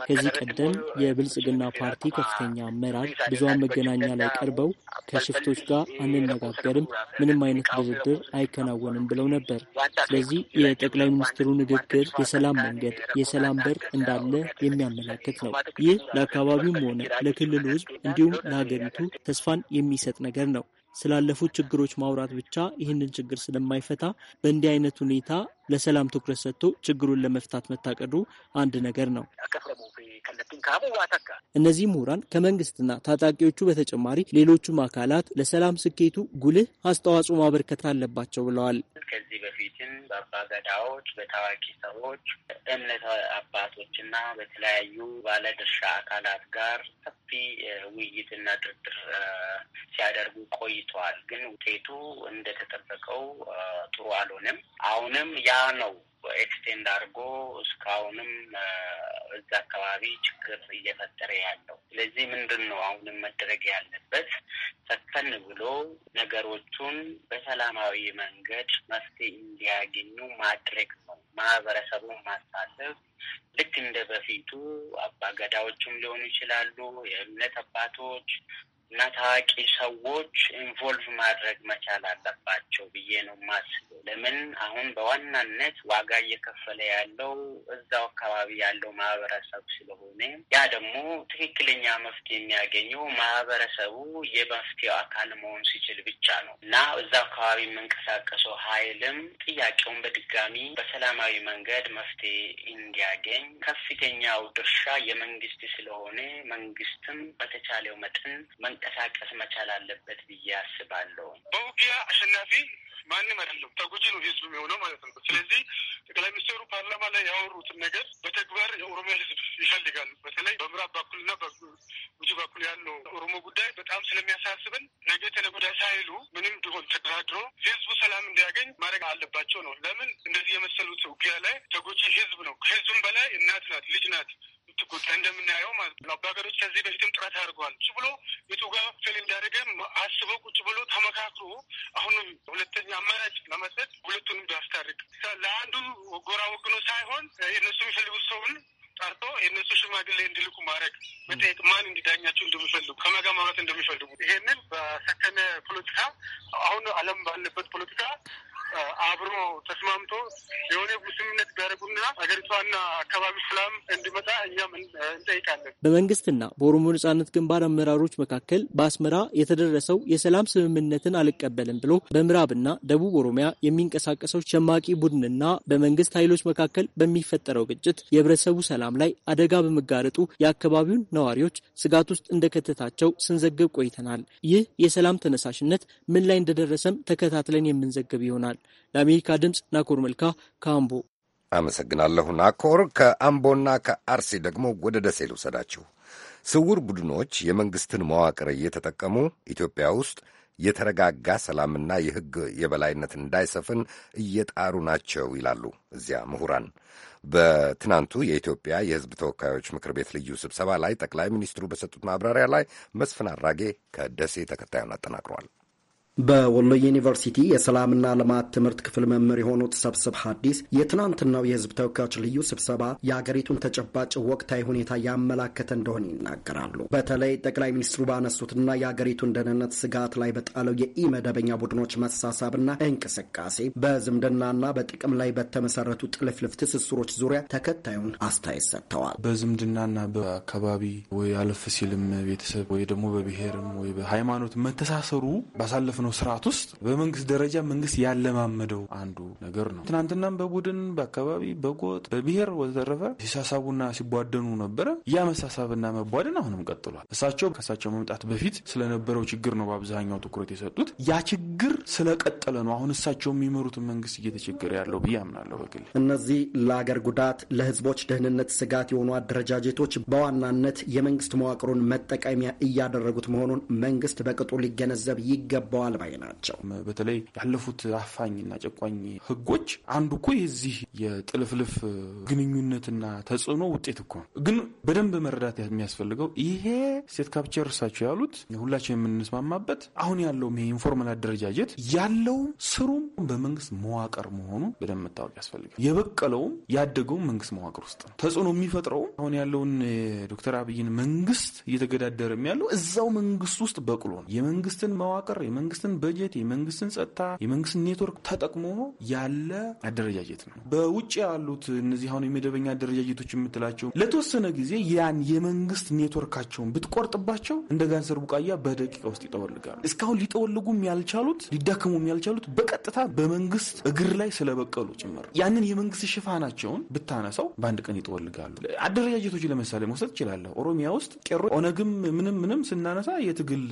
S17: ከዚህ ቀደም የብልጽግና ፓርቲ ከፍተኛ አመራር ብዙሃን መገናኛ ላይ ቀርበው ከሽፍቶች ጋር አንነጋገርም፣ ምንም አይነት ድርድር አይከናወንም ብለው ነበር። ስለዚህ የጠቅላይ ሚኒስትሩ ንግግር የሰላም መንገድ፣ የሰላም በር እንዳለ የሚያመላክት ነው። ይህ ለአካባቢው ለክልሉም ሆነ ለክልሉ ህዝብ እንዲሁም ለሀገሪቱ ተስፋን የሚሰጥ ነገር ነው። ስላለፉት ችግሮች ማውራት ብቻ ይህንን ችግር ስለማይፈታ በእንዲህ አይነት ሁኔታ ለሰላም ትኩረት ሰጥቶ ችግሩን ለመፍታት መታቀዱ አንድ ነገር ነው። እነዚህ ምሁራን ከመንግስትና ታጣቂዎቹ በተጨማሪ ሌሎቹም አካላት ለሰላም ስኬቱ ጉልህ አስተዋጽኦ ማበርከት አለባቸው ብለዋል።
S18: ከዚህ በፊትም በአባገዳዎች፣ በታዋቂ ሰዎች፣ እምነት አባቶችና በተለያዩ ባለድርሻ አካላት ጋር ሰፊ ውይይትና ድርድር ሲያደርጉ ቆይተዋል። ግን ውጤቱ እንደተጠበቀው ጥሩ አልሆነም። አሁንም ያ ነው ኤክስቴንድ አድርጎ እስካሁንም እዛ አካባቢ ችግር እየፈጠረ ያለው። ስለዚህ ምንድን ነው አሁንም መደረግ ያለበት ሰከን ብሎ ነገሮቹን በሰላማዊ መንገድ መፍትሄ እንዲያገኙ ማድረግ ነው። ማህበረሰቡን ማሳለፍ ልክ እንደ በፊቱ አባገዳዎችም ሊሆኑ ይችላሉ፣ የእምነት አባቶች እና ታዋቂ ሰዎች ኢንቮልቭ ማድረግ መቻል አለባቸው ብዬ ነው የማስበው። ለምን አሁን በዋናነት ዋጋ እየከፈለ ያለው እዛው አካባቢ ያለው ማህበረሰብ ስለሆነ ያ ደግሞ ትክክለኛ መፍትሄ የሚያገኘው ማህበረሰቡ የመፍትሄው አካል መሆን ሲችል ብቻ ነው እና እዛው አካባቢ የምንቀሳቀሰው ኃይልም ጥያቄውን በድጋሚ በሰላማዊ መንገድ መፍትሄ እንዲያገኝ ከፍተኛው ድርሻ የመንግስት ስለሆነ መንግስትም በተቻለው መጠን መንቀሳቀስ መቻል አለበት ብዬ አስባለሁ።
S14: በውጊያ አሸናፊ ማንም አይደለም፣ ተጎጂ ነው ህዝብ የሆነው ማለት ነው። ስለዚህ ጠቅላይ ሚኒስትሩ ፓርላማ ላይ ያወሩትን ነገር በተግባር የኦሮሚያ ህዝብ ይፈልጋሉ። በተለይ በምዕራብ በኩልና በጉጂ በኩል ያለው ኦሮሞ ጉዳይ በጣም ስለሚያሳስብን ነገ ተነገወዲያ ሳይሉ ምንም ቢሆን ተደራድሮ ህዝቡ ሰላም እንዲያገኝ ማድረግ አለባቸው ነው። ለምን እንደዚህ የመሰሉት ውጊያ ላይ ተጎጂ ህዝብ ነው። ከህዝብም በላይ እናት ናት፣ ልጅ ናት። ጉዳይ እንደምናየው ማለት ነው። በሀገሮች ከዚህ በፊትም ጥረት አድርገዋል። ቁጭ ብሎ የቱ ጋር ፌል እንዳደረገ አስበው ቁጭ ብሎ ተመካክሮ አሁንም ሁለተኛ አማራጭ ለመስጠት ሁለቱንም ቢያስታርቅ ለአንዱ ጎራ ወግኖ ሳይሆን የእነሱ የሚፈልጉት ሰውን ጠርቶ የእነሱ ሽማግሌ እንዲልኩ ማድረግ መጠየቅ፣ ማን እንዲዳኛቸው እንደሚፈልጉ ከመጋ ማለት እንደሚፈልጉ ይሄንን በሰከነ ፖለቲካ አሁን ዓለም ባለበት ፖለቲካ አብሮ ተስማምቶ የሆነ ስምምነት ቢያደርጉና ሀገሪቷና አካባቢ ሰላም እንዲመጣ እኛም እንጠይቃለን።
S17: በመንግስትና በኦሮሞ ነጻነት ግንባር አመራሮች መካከል በአስመራ የተደረሰው የሰላም ስምምነትን አልቀበልም ብሎ በምዕራብና ደቡብ ኦሮሚያ የሚንቀሳቀሰው ሸማቂ ቡድንና በመንግስት ኃይሎች መካከል በሚፈጠረው ግጭት የህብረተሰቡ ሰላም ላይ አደጋ በመጋረጡ የአካባቢውን ነዋሪዎች ስጋት ውስጥ እንደከተታቸው ስንዘግብ ቆይተናል። ይህ የሰላም ተነሳሽነት ምን ላይ እንደደረሰም ተከታትለን የምንዘግብ ይሆናል። ለአሜሪካ ድምፅ ናኮር መልካ ከአምቦ
S1: አመሰግናለሁ። ናኮር ከአምቦና ከአርሲ ደግሞ ወደ ደሴ ልውሰዳችሁ። ስውር ቡድኖች የመንግሥትን መዋቅር እየተጠቀሙ ኢትዮጵያ ውስጥ የተረጋጋ ሰላምና የሕግ የበላይነት እንዳይሰፍን እየጣሩ ናቸው ይላሉ እዚያ ምሁራን። በትናንቱ የኢትዮጵያ የሕዝብ ተወካዮች ምክር ቤት ልዩ ስብሰባ ላይ ጠቅላይ ሚኒስትሩ በሰጡት ማብራሪያ ላይ መስፍን አራጌ ከደሴ ተከታዩን አጠናቅሯል።
S19: በወሎ ዩኒቨርሲቲ የሰላምና ልማት ትምህርት ክፍል መምህር የሆኑት ሰብስብ ሀዲስ የትናንትናው የህዝብ ተወካዮች ልዩ ስብሰባ የአገሪቱን ተጨባጭ ወቅታዊ ሁኔታ ያመላከተ እንደሆነ ይናገራሉ። በተለይ ጠቅላይ ሚኒስትሩ ባነሱትና የአገሪቱን ደህንነት ስጋት ላይ በጣለው የኢመደበኛ ቡድኖች መሳሳብና እንቅስቃሴ በዝምድናና በጥቅም ላይ በተመሰረቱ ጥልፍልፍ ትስስሮች ዙሪያ ተከታዩን አስተያየት ሰጥተዋል። በዝምድናና
S13: በአካባቢ ወይ አለፍ ሲልም ቤተሰብ ወይ ደግሞ በብሔርም ወይ በሃይማኖት መተሳሰሩ ባሳለፍ ነው ስርዓት ውስጥ በመንግስት ደረጃ መንግስት ያለማመደው አንዱ ነገር ነው። ትናንትናም በቡድን በአካባቢ በጎጥ በብሔር ወዘተረፈ ሲሳሳቡና ሲቧደኑ ነበረ። ያ መሳሳብና መቧደን አሁንም ቀጥሏል። እሳቸው ከእሳቸው መምጣት በፊት ስለነበረው ችግር ነው በአብዛኛው ትኩረት
S19: የሰጡት። ያ ችግር ስለቀጠለ ነው አሁን እሳቸው የሚመሩትን መንግስት እየተቸገረ ያለው ብዬ አምናለሁ። በግል እነዚህ ለአገር ጉዳት ለህዝቦች ደህንነት ስጋት የሆኑ አደረጃጀቶች በዋናነት የመንግስት መዋቅሩን መጠቀሚያ እያደረጉት መሆኑን መንግስት በቅጡ ሊገነዘብ ይገባዋል ይገባል ባይ ናቸው።
S13: በተለይ ያለፉት አፋኝና ጨቋኝ ህጎች አንዱ እኮ የዚህ የጥልፍልፍ ግንኙነትና ተጽዕኖ ውጤት እኮ ነው። ግን በደንብ መረዳት የሚያስፈልገው ይሄ ሴት ካፕቸር እርሳቸው ያሉት ሁላቸው የምንስማማበት አሁን ያለውም ይሄ ኢንፎርማል አደረጃጀት ያለውም ስሩም በመንግስት መዋቅር መሆኑ በደንብ መታወቅ ያስፈልጋል። የበቀለውም ያደገውም መንግስት መዋቅር ውስጥ ነው። ተጽዕኖ የሚፈጥረውም አሁን ያለውን ዶክተር አብይን መንግስት እየተገዳደረ ያለው እዛው መንግስት ውስጥ በቅሎ ነው። የመንግስትን መዋቅር የመንግስት የመንግስትን በጀት፣ የመንግስትን ጸጥታ፣ የመንግስትን ኔትወርክ ተጠቅሞ ያለ አደረጃጀት ነው። በውጭ ያሉት እነዚህ አሁን የመደበኛ አደረጃጀቶች የምትላቸው ለተወሰነ ጊዜ ያን የመንግስት ኔትወርካቸውን ብትቆርጥባቸው እንደ ጋንሰር ቡቃያ በደቂቃ ውስጥ ይጠወልጋሉ። እስካሁን ሊጠወልጉም ያልቻሉት ሊዳከሙም ያልቻሉት በቀጥታ በመንግስት እግር ላይ ስለበቀሉ ጭምር ያንን የመንግስት ሽፋናቸውን ብታነሳው በአንድ ቀን ይጠወልጋሉ። አደረጃጀቶች ለምሳሌ መውሰድ እችላለሁ። ኦሮሚያ ውስጥ ቄሮ ኦነግም ምንም ምንም ስናነሳ የትግል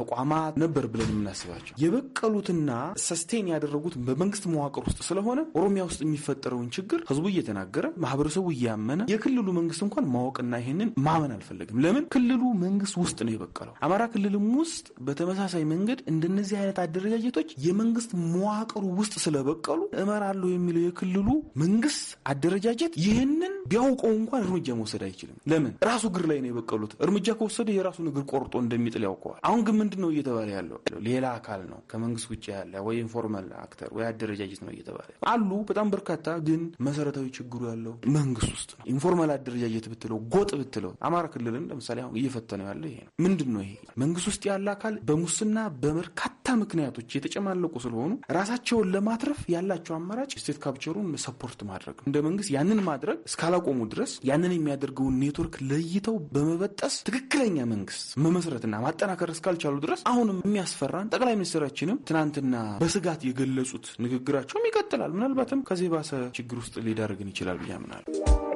S13: ተቋማት ነበር ብለን የምናስብ የሚያስባቸው የበቀሉትና ሰስቴን ያደረጉት በመንግስት መዋቅር ውስጥ ስለሆነ ኦሮሚያ ውስጥ የሚፈጠረውን ችግር ህዝቡ እየተናገረ ማህበረሰቡ እያመነ የክልሉ መንግስት እንኳን ማወቅና ይህንን ማመን አልፈለግም። ለምን ክልሉ መንግስት ውስጥ ነው የበቀለው። አማራ ክልልም ውስጥ በተመሳሳይ መንገድ እንደነዚህ አይነት አደረጃጀቶች የመንግስት መዋቅሩ ውስጥ ስለበቀሉ እመራለሁ የሚለው የክልሉ መንግስት አደረጃጀት ይህንን ቢያውቀው እንኳን እርምጃ መውሰድ አይችልም። ለምን ራሱ እግር ላይ ነው የበቀሉት። እርምጃ ከወሰደ የራሱን እግር ቆርጦ እንደሚጥል ያውቀዋል። አሁን ግን ምንድን ነው እየተባለ ያለው? ሌላ አካል ነው ከመንግስት ውጭ ያለ ወይ ኢንፎርማል አክተር ወይ አደረጃጀት ነው እየተባለ አሉ። በጣም በርካታ ግን መሰረታዊ ችግሩ ያለው መንግስት ውስጥ ነው። ኢንፎርማል አደረጃጀት ብትለው፣ ጎጥ ብትለው አማራ ክልልን ለምሳሌ አሁን እየፈተነው ያለ ይሄ ነው። ምንድን ነው ይሄ መንግስት ውስጥ ያለ አካል በሙስና በበርካታ ምክንያቶች የተጨማለቁ ስለሆኑ ራሳቸውን ለማትረፍ ያላቸው አማራጭ ስቴት ካፕቸሩን ሰፖርት ማድረግ እንደ መንግስት ያንን ማድረግ እስካላቆሙ ድረስ ያንን የሚያደርገውን ኔትወርክ ለይተው በመበጠስ ትክክለኛ መንግስት መመስረትና ማጠናከር እስካልቻሉ ድረስ አሁንም የሚያስፈራን ጠቅላይ ሚኒስትራችንም ትናንትና በስጋት የገለጹት ንግግራቸውም ይቀጥላል። ምናልባትም ከዚህ ባሰ ችግር ውስጥ ሊዳርግን ይችላል ብዬ አምናለሁ።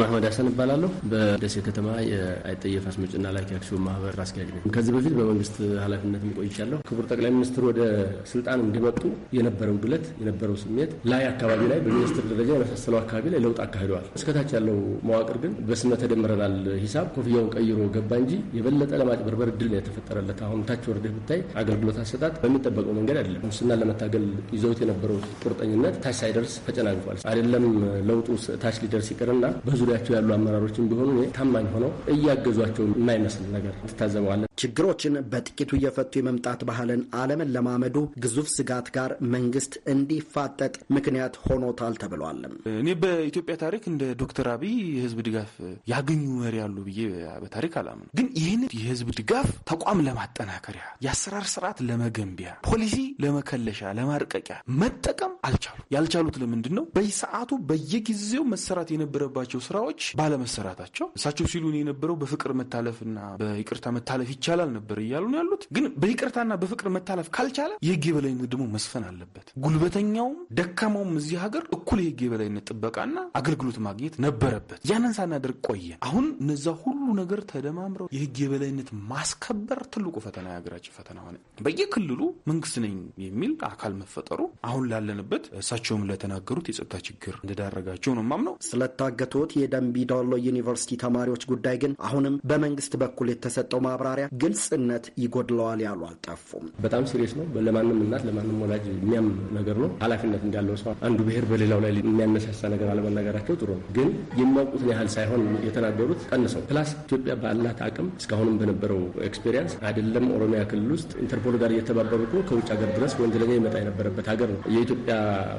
S13: መሐመድ ሀሰን እባላለሁ።
S12: በደሴ ከተማ የአይጠየፍ አስመጭና ላኪ አክሲዮን ማህበር አስኪያጅ ነኝ። ከዚህ በፊት በመንግስት ኃላፊነትም ቆይቻለሁ። ክቡር ጠቅላይ ሚኒስትር ወደ ስልጣን እንዲመጡ የነበረው ግለት የነበረው ስሜት ላይ አካባቢ ላይ በሚኒስትር ደረጃ የመሳሰለው አካባቢ ላይ ለውጥ አካሂደዋል። እስከታች ያለው መዋቅር ግን በስመ ተደምረናል ሂሳብ ኮፍያውን ቀይሮ ገባ እንጂ የበለጠ ለማጭበርበር እድል ነው የተፈጠረለት። አሁን ታች ወርደህ ብታይ አገልግሎት አሰጣጥ በሚጠበቀው መንገድ አይደለም። ሙስናን ለመታገል ይዘውት የነበረው ቁርጠኝነት ታች ሳይደርስ ተጨናግፏል። አይደለም ለውጡ ታች ሊደርስ ይቅርና ብዙ በዙሪያቸው ያሉ አመራሮች ቢሆኑ
S19: ታማኝ ሆነው እያገዟቸው የማይመስል ነገር ትታዘበዋለን። ችግሮችን በጥቂቱ እየፈቱ የመምጣት ባህልን አለምን ለማመዱ ግዙፍ ስጋት ጋር መንግስት እንዲፋጠጥ ምክንያት ሆኖታል ተብሏል።
S13: እኔ በኢትዮጵያ ታሪክ እንደ ዶክተር አብይ የህዝብ ድጋፍ ያገኙ መሪ ያሉ ብዬ በታሪክ አላምነው።
S19: ግን ይህንን የህዝብ ድጋፍ ተቋም ለማጠናከሪያ፣
S13: የአሰራር ስርዓት ለመገንቢያ፣ ፖሊሲ ለመከለሻ፣ ለማርቀቂያ መጠቀም አልቻሉ። ያልቻሉት ለምንድን ነው? በሰዓቱ በየጊዜው መሰራት የነበረባቸው ስራዎች ባለመሰራታቸው እሳቸው ሲሉ የነበረው በፍቅር መታለፍና በይቅርታ መታለፍ ይቻላል ነበር እያሉ ነው ያሉት። ግን በይቅርታና በፍቅር መታለፍ ካልቻለ የህግ የበላይነት ደግሞ መስፈን አለበት። ጉልበተኛውም ደካማውም እዚህ ሀገር እኩል የህግ የበላይነት ጥበቃና አገልግሎት ማግኘት ነበረበት። ያንን ሳናደርግ ቆየን። አሁን እነዛ ሁሉ ነገር ተደማምረው የህግ የበላይነት ማስከበር ትልቁ ፈተና የሀገራችን ፈተና ሆነ። በየክልሉ መንግስት ነኝ የሚል አካል መፈጠሩ አሁን ላለንበት እሳቸውም
S19: ለተናገሩት የጸጥታ ችግር እንደዳረጋቸው ነው ማምነው። ስለታገቱት የደምቢ ዶሎ ዩኒቨርሲቲ ተማሪዎች ጉዳይ ግን አሁንም በመንግስት በኩል የተሰጠው ማብራሪያ ግልጽነት ይጎድለዋል ያሉ አልጠፉም።
S12: በጣም ሲሪየስ ነው። ለማንም እናት ለማንም ወላጅ የሚያም ነገር ነው። ኃላፊነት እንዳለው ሰው አንዱ ብሔር በሌላው ላይ የሚያነሳሳ ነገር አለመናገራቸው ጥሩ ነው። ግን የሚያውቁትን ያህል ሳይሆን የተናገሩት ቀንሰው ፕላስ ኢትዮጵያ ባላት አቅም እስካሁንም በነበረው ኤክስፔሪንስ አይደለም ኦሮሚያ ክልል ውስጥ ኢንተርፖል ጋር እየተባበሩ ከውጭ ሀገር ድረስ ወንጀለኛ ይመጣ የነበረበት ሀገር ነው። የኢትዮጵያ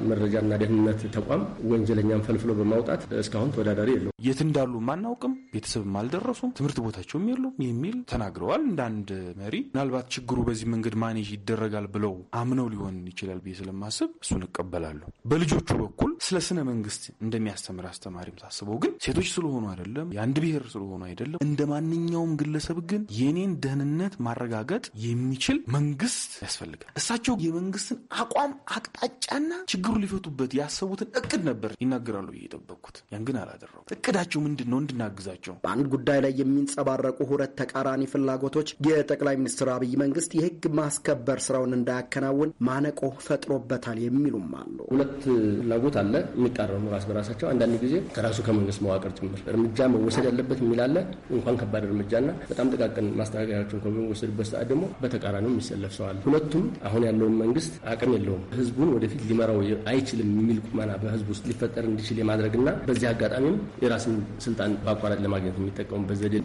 S12: መረጃና
S13: ደህንነት ተቋም ወንጀለኛን ፈልፍሎ በማውጣት እስካሁን ተወዳዳሪ ተወዳዳሪ የለው። የት እንዳሉ ማናውቅም፣ ቤተሰብም አልደረሱም፣ ትምህርት ቦታቸውም የሉም የሚል ተናግረዋል። እንደ አንድ መሪ ምናልባት ችግሩ በዚህ መንገድ ማኔጅ ይደረጋል ብለው አምነው ሊሆን ይችላል ብዬ ስለማስብ እሱን እቀበላለሁ። በልጆቹ በኩል ስለ ስነ መንግስት እንደሚያስተምር አስተማሪም ሳስበው ግን ሴቶች ስለሆኑ አይደለም፣ የአንድ ብሔር ስለሆኑ አይደለም፣ እንደ ማንኛውም ግለሰብ ግን የኔን ደህንነት ማረጋገጥ የሚችል መንግስት ያስፈልጋል። እሳቸው የመንግስትን አቋም አቅጣጫና ችግሩ ሊፈቱበት
S19: ያሰቡትን እቅድ ነበር ይናገራሉ የጠበቅኩት ያን ግን አላደረ የተሰራው? እቅዳቸው ምንድን ነው? እንድናግዛቸው በአንድ ጉዳይ ላይ የሚንጸባረቁ ሁለት ተቃራኒ ፍላጎቶች የጠቅላይ ሚኒስትር አብይ መንግስት የህግ ማስከበር ስራውን እንዳያከናውን ማነቆ ፈጥሮበታል የሚሉም አሉ።
S12: ሁለት ፍላጎት አለ የሚቃረኑ ራስ በራሳቸው አንዳንድ ጊዜ ከራሱ ከመንግስት መዋቅር ጭምር እርምጃ መወሰድ ያለበት የሚላለ እንኳን ከባድ እርምጃና በጣም ጥቃቅን ማስተካከያቸውን ከሚወሰዱበት ሰዓት ደግሞ በተቃራኒው የሚሰለፍ ሰዋል። ሁለቱም አሁን ያለውን መንግስት አቅም የለውም ህዝቡን ወደፊት ሊመራው አይችልም የሚል ቁመና በህዝብ ውስጥ ሊፈጠር እንዲችል የማድረግና በዚህ አጋጣሚም የራስን ስልጣን በአቋራጭ ለማግኘት የሚጠቀሙበት ዘዴ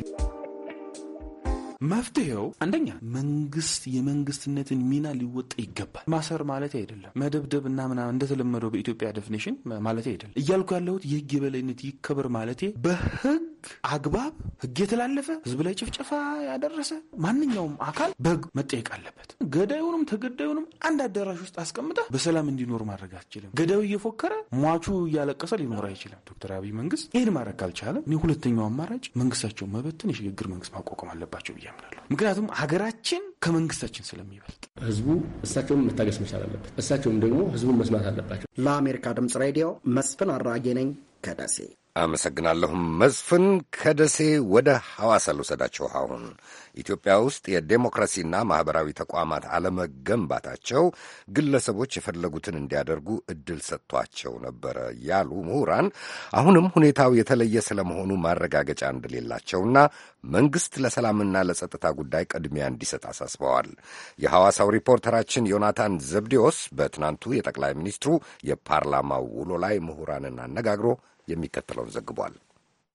S13: መፍትሄው አንደኛ መንግስት የመንግስትነትን ሚና ሊወጣ ይገባል። ማሰር ማለት አይደለም፣ መደብደብ እና ምናምን እንደተለመደው በኢትዮጵያ ዴፊኒሽን ማለት አይደለም። እያልኩ ያለሁት የህግ የበላይነት ይከበር ማለቴ በህግ ህግ አግባብ ህግ የተላለፈ ህዝብ ላይ ጭፍጨፋ ያደረሰ ማንኛውም አካል በህግ መጠየቅ አለበት። ገዳዩንም ተገዳዩንም አንድ አዳራሽ ውስጥ አስቀምጠ በሰላም እንዲኖር ማድረግ አትችልም። ገዳዩ እየፎከረ ሟቹ እያለቀሰ ሊኖር አይችልም። ዶክተር አብይ መንግስት ይህን ማድረግ ካልቻለም እኔ ሁለተኛው አማራጭ መንግስታቸውን መበተን የሽግግር መንግስት ማቋቋም አለባቸው ብዬ አምናለሁ። ምክንያቱም ሀገራችን ከመንግስታችን
S19: ስለሚበልጥ ህዝቡ እሳቸውም መታገስ መቻል አለበት። እሳቸውም ደግሞ ህዝቡን መስማት አለባቸው። ለአሜሪካ ድምጽ ሬዲዮ መስፍን አራጌ ነኝ ከደሴ።
S1: አመሰግናለሁም መስፍን። ከደሴ ወደ ሐዋሳ ልውሰዳችሁ። አሁን ኢትዮጵያ ውስጥ የዴሞክራሲና ማኅበራዊ ተቋማት አለመገንባታቸው ግለሰቦች የፈለጉትን እንዲያደርጉ እድል ሰጥቷቸው ነበረ ያሉ ምሁራን አሁንም ሁኔታው የተለየ ስለመሆኑ ማረጋገጫ እንደሌላቸውና መንግሥት ለሰላምና ለጸጥታ ጉዳይ ቅድሚያ እንዲሰጥ አሳስበዋል። የሐዋሳው ሪፖርተራችን ዮናታን ዘብዴዎስ በትናንቱ የጠቅላይ ሚኒስትሩ የፓርላማው ውሎ ላይ ምሁራንን አነጋግሮ የሚከተለውን ዘግቧል።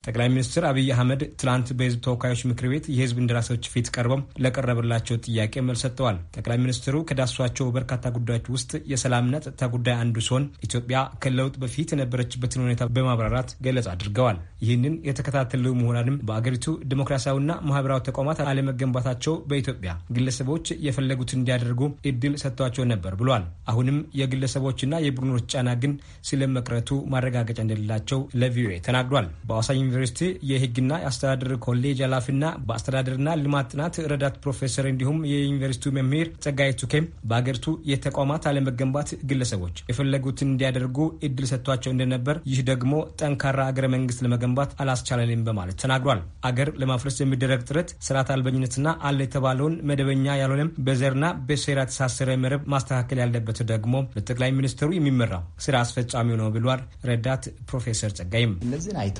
S2: ጠቅላይ ሚኒስትር አብይ አህመድ ትናንት በህዝብ ተወካዮች ምክር ቤት የህዝብ እንደራሴዎች ፊት ቀርበው ለቀረበላቸው ጥያቄ መልስ ሰጥተዋል። ጠቅላይ ሚኒስትሩ ከዳሷቸው በርካታ ጉዳዮች ውስጥ የሰላምና ጸጥታ ጉዳይ አንዱ ሲሆን ኢትዮጵያ ከለውጥ በፊት የነበረችበትን ሁኔታ በማብራራት ገለጽ አድርገዋል። ይህንን የተከታተሉ ምሁራንም በአገሪቱ ዲሞክራሲያዊና ማህበራዊ ተቋማት አለመገንባታቸው በኢትዮጵያ ግለሰቦች የፈለጉት እንዲያደርጉ እድል ሰጥቷቸው ነበር ብሏል። አሁንም የግለሰቦችና የቡድኖች ጫና ግን ስለመቅረቱ ማረጋገጫ እንደሌላቸው ለቪኦኤ ተናግሯል። በአዋሳ ዩኒቨርሲቲ የህግና የአስተዳደር ኮሌጅ ኃላፊና በአስተዳደርና ልማት ጥናት ረዳት ፕሮፌሰር እንዲሁም የዩኒቨርሲቲ መምህር ጸጋይ ቱኬም በሀገሪቱ የተቋማት አለመገንባት ግለሰቦች የፈለጉትን እንዲያደርጉ እድል ሰጥቷቸው እንደነበር፣ ይህ ደግሞ ጠንካራ አገረ መንግስት ለመገንባት አላስቻለንም በማለት ተናግሯል። አገር ለማፍረስ የሚደረግ ጥረት ስርዓት አልበኝነትና አለ የተባለውን መደበኛ ያልሆነም በዘርና በሴራ የተሳሰረ መረብ ማስተካከል ያለበት ደግሞ ለጠቅላይ ሚኒስትሩ የሚመራው ስራ አስፈጻሚው
S20: ነው ብሏል። ረዳት ፕሮፌሰር ጸጋይም እነዚህን አይቶ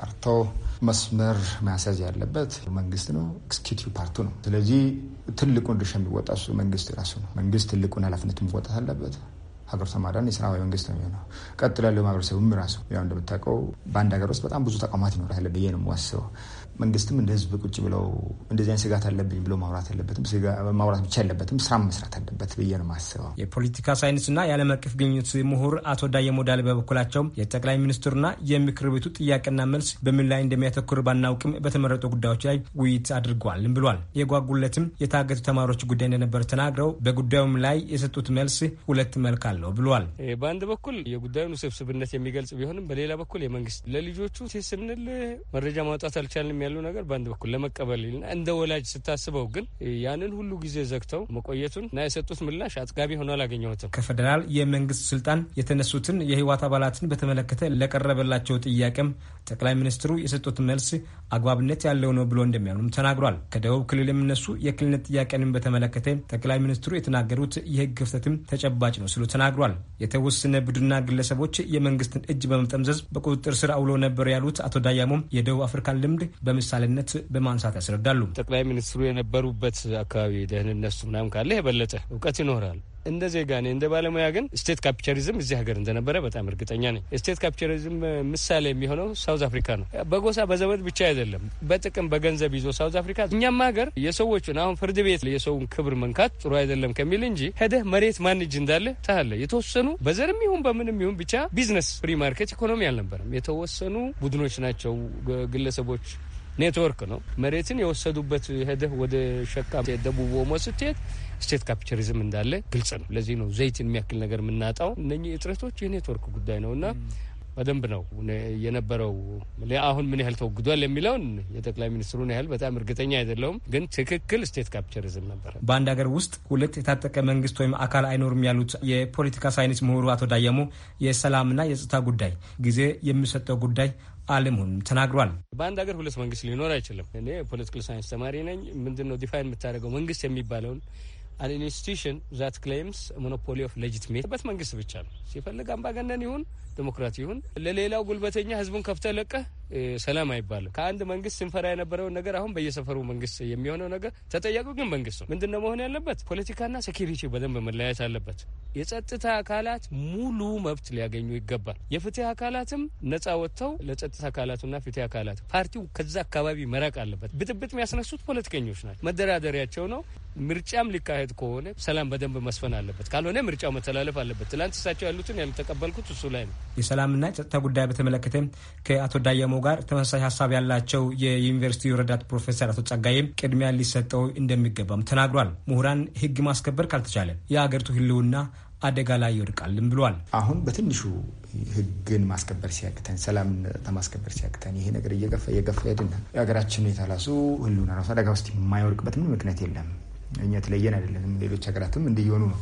S20: ጠርቶ መስመር ማስያዝ ያለበት መንግስት ነው፣ ኤክስኪዩቲቭ ፓርቱ ነው። ስለዚህ ትልቁን ድርሻ የሚወጣ መንግስት ራሱ ነው። መንግስት ትልቁን ኃላፊነት መወጣት አለበት። ሀገር ተማዳን የሰላማዊ መንግስት ነው የሚሆነው። ቀጥሎ ያለው ማህበረሰብም ራሱ ያው እንደምታውቀው በአንድ ሀገር ውስጥ በጣም ብዙ ተቋማት ይኖራል ብዬ ነው የማስበው። መንግስትም እንደ ህዝብ ቁጭ ብለው እንደዚህ አይነት ስጋት አለብኝ ብሎ ማውራት አለበትም ማውራት ብቻ አለበትም ስራ መስራት አለበት ብዬ ነው ማስበው። የፖለቲካ
S2: ሳይንስና የዓለም አቀፍ ግንኙነት ምሁር አቶ ዳየ ሞዳል በበኩላቸው የጠቅላይ ሚኒስትሩና የምክር ቤቱ ጥያቄና መልስ በምን ላይ እንደሚያተኩር ባናውቅም በተመረጡ ጉዳዮች ላይ ውይይት አድርጓልም ብሏል። የጓጉለትም የታገቱ ተማሪዎች ጉዳይ እንደነበር ተናግረው በጉዳዩም ላይ የሰጡት መልስ ሁለት መልክ አለው ብሏል።
S15: በአንድ በኩል የጉዳዩን ውስብስብነት የሚገልጽ ቢሆንም በሌላ በኩል የመንግስት ለልጆቹ ስንል መረጃ ማውጣት አልቻልንም ያለው ነገር በአንድ በኩል ለመቀበል ይልና እንደ ወላጅ ስታስበው ግን ያንን ሁሉ ጊዜ ዘግተው መቆየቱን እና የሰጡት ምላሽ አጥጋቢ ሆኖ አላገኘሁትም።
S2: ከፌዴራል የመንግስት ስልጣን የተነሱትን የህወሓት አባላትን በተመለከተ ለቀረበላቸው ጥያቄም ጠቅላይ ሚኒስትሩ የሰጡት መልስ አግባብነት ያለው ነው ብሎ እንደሚያምኑም ተናግሯል። ከደቡብ ክልል የሚነሱ የክልልነት ጥያቄንም በተመለከተ ጠቅላይ ሚኒስትሩ የተናገሩት የህግ ክፍተትም ተጨባጭ ነው ሲሉ ተናግሯል። የተወሰነ ቡድንና ግለሰቦች የመንግስትን እጅ በመጠምዘዝ በቁጥጥር ስር አውሎ ነበር ያሉት አቶ ዳያሞም የደቡብ አፍሪካን ልምድ በመ በምሳሌነት በማንሳት ያስረዳሉ።
S15: ጠቅላይ ሚኒስትሩ የነበሩበት አካባቢ ደህንነት ምናምን ካለ የበለጠ እውቀት ይኖራል። እንደ ዜጋ እንደ ባለሙያ ግን ስቴት ካፒቸሪዝም እዚህ ሀገር እንደነበረ በጣም እርግጠኛ ነኝ። ስቴት ካፒቸሪዝም ምሳሌ የሚሆነው ሳውዝ አፍሪካ ነው። በጎሳ በዘመድ ብቻ አይደለም፣ በጥቅም በገንዘብ ይዞ ሳውዝ አፍሪካ እኛም ሀገር የሰዎችን አሁን ፍርድ ቤት የሰውን ክብር መንካት ጥሩ አይደለም ከሚል እንጂ ሄደህ መሬት ማን እጅ እንዳለ ታለ የተወሰኑ በዘርም ይሁን በምንም ይሁን ብቻ ቢዝነስ ፍሪ ማርኬት ኢኮኖሚ አልነበረም። የተወሰኑ ቡድኖች ናቸው ግለሰቦች ኔትወርክ ነው። መሬትን የወሰዱበት ሄደህ ወደ ሸካ ደቡብ ኦሞ ስትሄድ ስቴት ካፒቸሪዝም እንዳለ ግልጽ ነው። ለዚህ ነው ዘይትን የሚያክል ነገር የምናጣው። እነኚህ እጥረቶች የኔትወርክ ጉዳይ ነው እና በደንብ ነው የነበረው። አሁን ምን ያህል ተወግዷል የሚለውን የጠቅላይ ሚኒስትሩን ያህል በጣም እርግጠኛ አይደለውም፣ ግን ትክክል ስቴት ካፕቸሪዝም ነበር።
S2: በአንድ ሀገር ውስጥ ሁለት የታጠቀ መንግስት ወይም አካል አይኖርም ያሉት የፖለቲካ ሳይንስ ምሁሩ አቶ ዳየሙ የሰላምና የጸጥታ ጉዳይ ጊዜ የሚሰጠው ጉዳይ አለመሆኑም ተናግሯል።
S15: በአንድ ሀገር ሁለት መንግስት ሊኖር አይችልም። እኔ ፖለቲካል ሳይንስ ተማሪ ነኝ። ምንድን ነው ዲፋይን የምታደርገው መንግስት የሚባለውን አን ኢንስቲቱሽን ዛት ክሌምስ ሞኖፖሊ ኦፍ ሌጂትሜት በት መንግስት ብቻ ነው። ሲፈልግ አምባገነን ይሁን ዴሞክራት ይሁን ለሌላው ጉልበተኛ ህዝቡን ከፍተህ ለቀህ ሰላም አይባልም። ከአንድ መንግስት ስንፈራ የነበረውን ነገር አሁን በየሰፈሩ መንግስት የሚሆነው ነገር ተጠያቂ ግን መንግስት ነው። ምንድነው መሆን ያለበት? ፖለቲካና ሴኪሪቲ በደንብ መለያየት አለበት። የጸጥታ አካላት ሙሉ መብት ሊያገኙ ይገባል። የፍትህ አካላትም ነጻ ወጥተው ለጸጥታ አካላቱና ፍትህ አካላት ፓርቲው ከዛ አካባቢ መራቅ አለበት። ብጥብጥ የሚያስነሱት ፖለቲከኞች ናቸው። መደራደሪያቸው ነው። ምርጫም ሊካሄድ ከሆነ ሰላም በደንብ መስፈን አለበት። ካልሆነ ምርጫው መተላለፍ አለበት። ትላንት እሳቸው ያሉትን ያልተቀበልኩት እሱ
S2: ላይ ነው። የሰላምና ጸጥታ ጉዳይ በተመለከተ ከአቶ ዳያሞ ጋር ተመሳሳይ ሀሳብ ያላቸው የዩኒቨርሲቲ ረዳት ፕሮፌሰር አቶ ጸጋዬም ቅድሚያ ሊሰጠው እንደሚገባም ተናግሯል። ምሁራን ህግ ማስከበር ካልተቻለ የሀገሪቱ ህልውና አደጋ ላይ ይወድቃልም ብሏል። አሁን በትንሹ
S20: ህግን ማስከበር ሲያቅተን፣ ሰላምን ማስከበር ሲያቅተን ይሄ ነገር እየገፋ እየገፋ ሄድናል። የሀገራችን ሁኔታ ራሱ ህልውና ራሱ አደጋ ውስጥ የማይወድቅበት ምን ምክንያት የለም። እኛ የተለየን አይደለንም። ሌሎች ሀገራትም እንዲየሆኑ ነው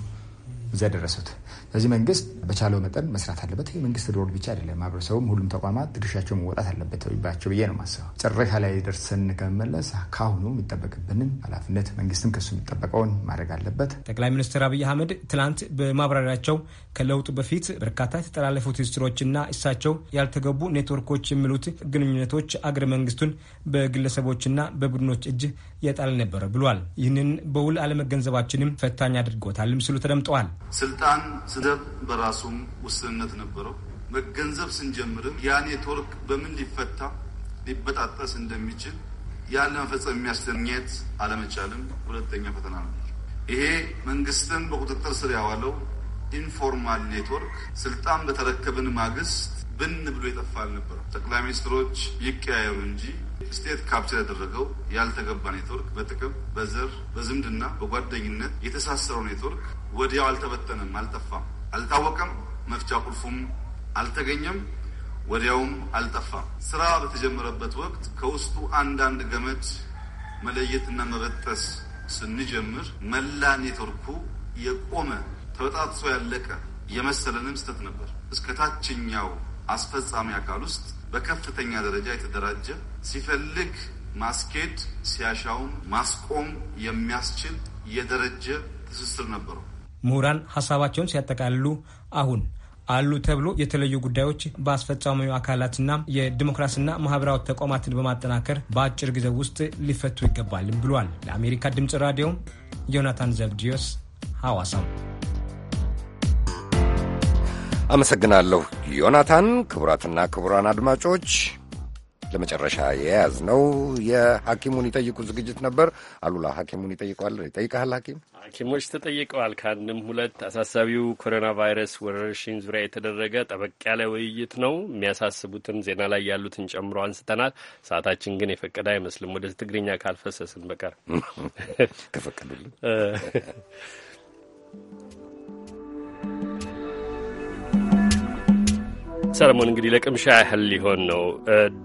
S20: እዛ ደረሱት። ስለዚህ መንግስት በቻለው መጠን መስራት አለበት። ይህ መንግስት ሮል ብቻ አይደለም፣ ማህበረሰቡም፣ ሁሉም ተቋማት ድርሻቸው መወጣት አለበት ባቸው ብዬ ነው ማሰብ። ጨረሻ ላይ ደርሰን ከመመለስ ከአሁኑ የሚጠበቅብንን ኃላፊነት መንግስትም ከሱ የሚጠበቀውን ማድረግ አለበት።
S2: ጠቅላይ ሚኒስትር አብይ አህመድ ትላንት በማብራሪያቸው ከለውጡ በፊት በርካታ የተጠላለፉ ትስስሮችና እሳቸው ያልተገቡ ኔትወርኮች የሚሉት ግንኙነቶች አገረ መንግስቱን በግለሰቦችና በቡድኖች እጅ የጣል ነበረ ብሏል። ይህንን በውል አለመገንዘባችንም ፈታኝ አድርጎታልም ሲሉ ተደምጠዋል።
S10: ስልጣን ስደብ በራሱም ውስንነት ነበረው። መገንዘብ ስንጀምርም ያ ኔትወርክ በምን ሊፈታ ሊበጣጠስ እንደሚችል ያን ለመፈጸም የሚያስደኘት አለመቻልም ሁለተኛ ፈተና ነው። ይሄ መንግስትን በቁጥጥር ስር ያዋለው ኢንፎርማል ኔትወርክ ስልጣን በተረከብን ማግስት ብን ብሎ የጠፋ አልነበረም። ጠቅላይ ሚኒስትሮች ይቀያየሩ እንጂ ስቴት ካፕቸር ያደረገው ያልተገባ ኔትወርክ በጥቅም በዘር በዝምድና በጓደኝነት የተሳሰረው ኔትወርክ ወዲያው አልተበተነም፣ አልጠፋም፣ አልታወቀም፣ መፍቻ ቁልፉም አልተገኘም፣ ወዲያውም አልጠፋም። ስራ በተጀመረበት ወቅት ከውስጡ አንዳንድ ገመድ መለየትና መበጠስ ስንጀምር መላ ኔትወርኩ የቆመ ተበጣጥሶ ያለቀ የመሰለንም ስህተት ነበር። እስከ ታችኛው አስፈጻሚ አካል ውስጥ በከፍተኛ ደረጃ የተደራጀ ሲፈልግ ማስኬድ ሲያሻውም ማስቆም የሚያስችል የደረጀ ትስስር ነበረው።
S2: ምሁራን ሀሳባቸውን ሲያጠቃልሉ አሁን አሉ ተብሎ የተለዩ ጉዳዮች በአስፈጻሚው አካላትና የዲሞክራሲና ማህበራዊ ተቋማትን በማጠናከር በአጭር ጊዜ ውስጥ ሊፈቱ ይገባልም ብሏል። ለአሜሪካ ድምፅ ራዲዮ ዮናታን ዘብዲዮስ ሐዋሳው
S1: አመሰግናለሁ ዮናታን። ክቡራትና ክቡራን አድማጮች ለመጨረሻ የያዝ ነው የሐኪሙን ይጠይቁ ዝግጅት ነበር። አሉላ ሐኪሙን ይጠይቋል። ይጠይቀሃል ሐኪም
S21: ሐኪሞች ተጠይቀዋል። ከአንድም ሁለት አሳሳቢው ኮሮና ቫይረስ ወረርሽኝ ዙሪያ የተደረገ ጠበቅ ያለ ውይይት ነው። የሚያሳስቡትን ዜና ላይ ያሉትን ጨምሮ አንስተናል። ሰዓታችን ግን የፈቀደ አይመስልም። ወደ ትግርኛ ካልፈሰስን በቀር ከፈቀዱልን ሰለሞን እንግዲህ ለቅምሻ ያህል ሊሆን ነው።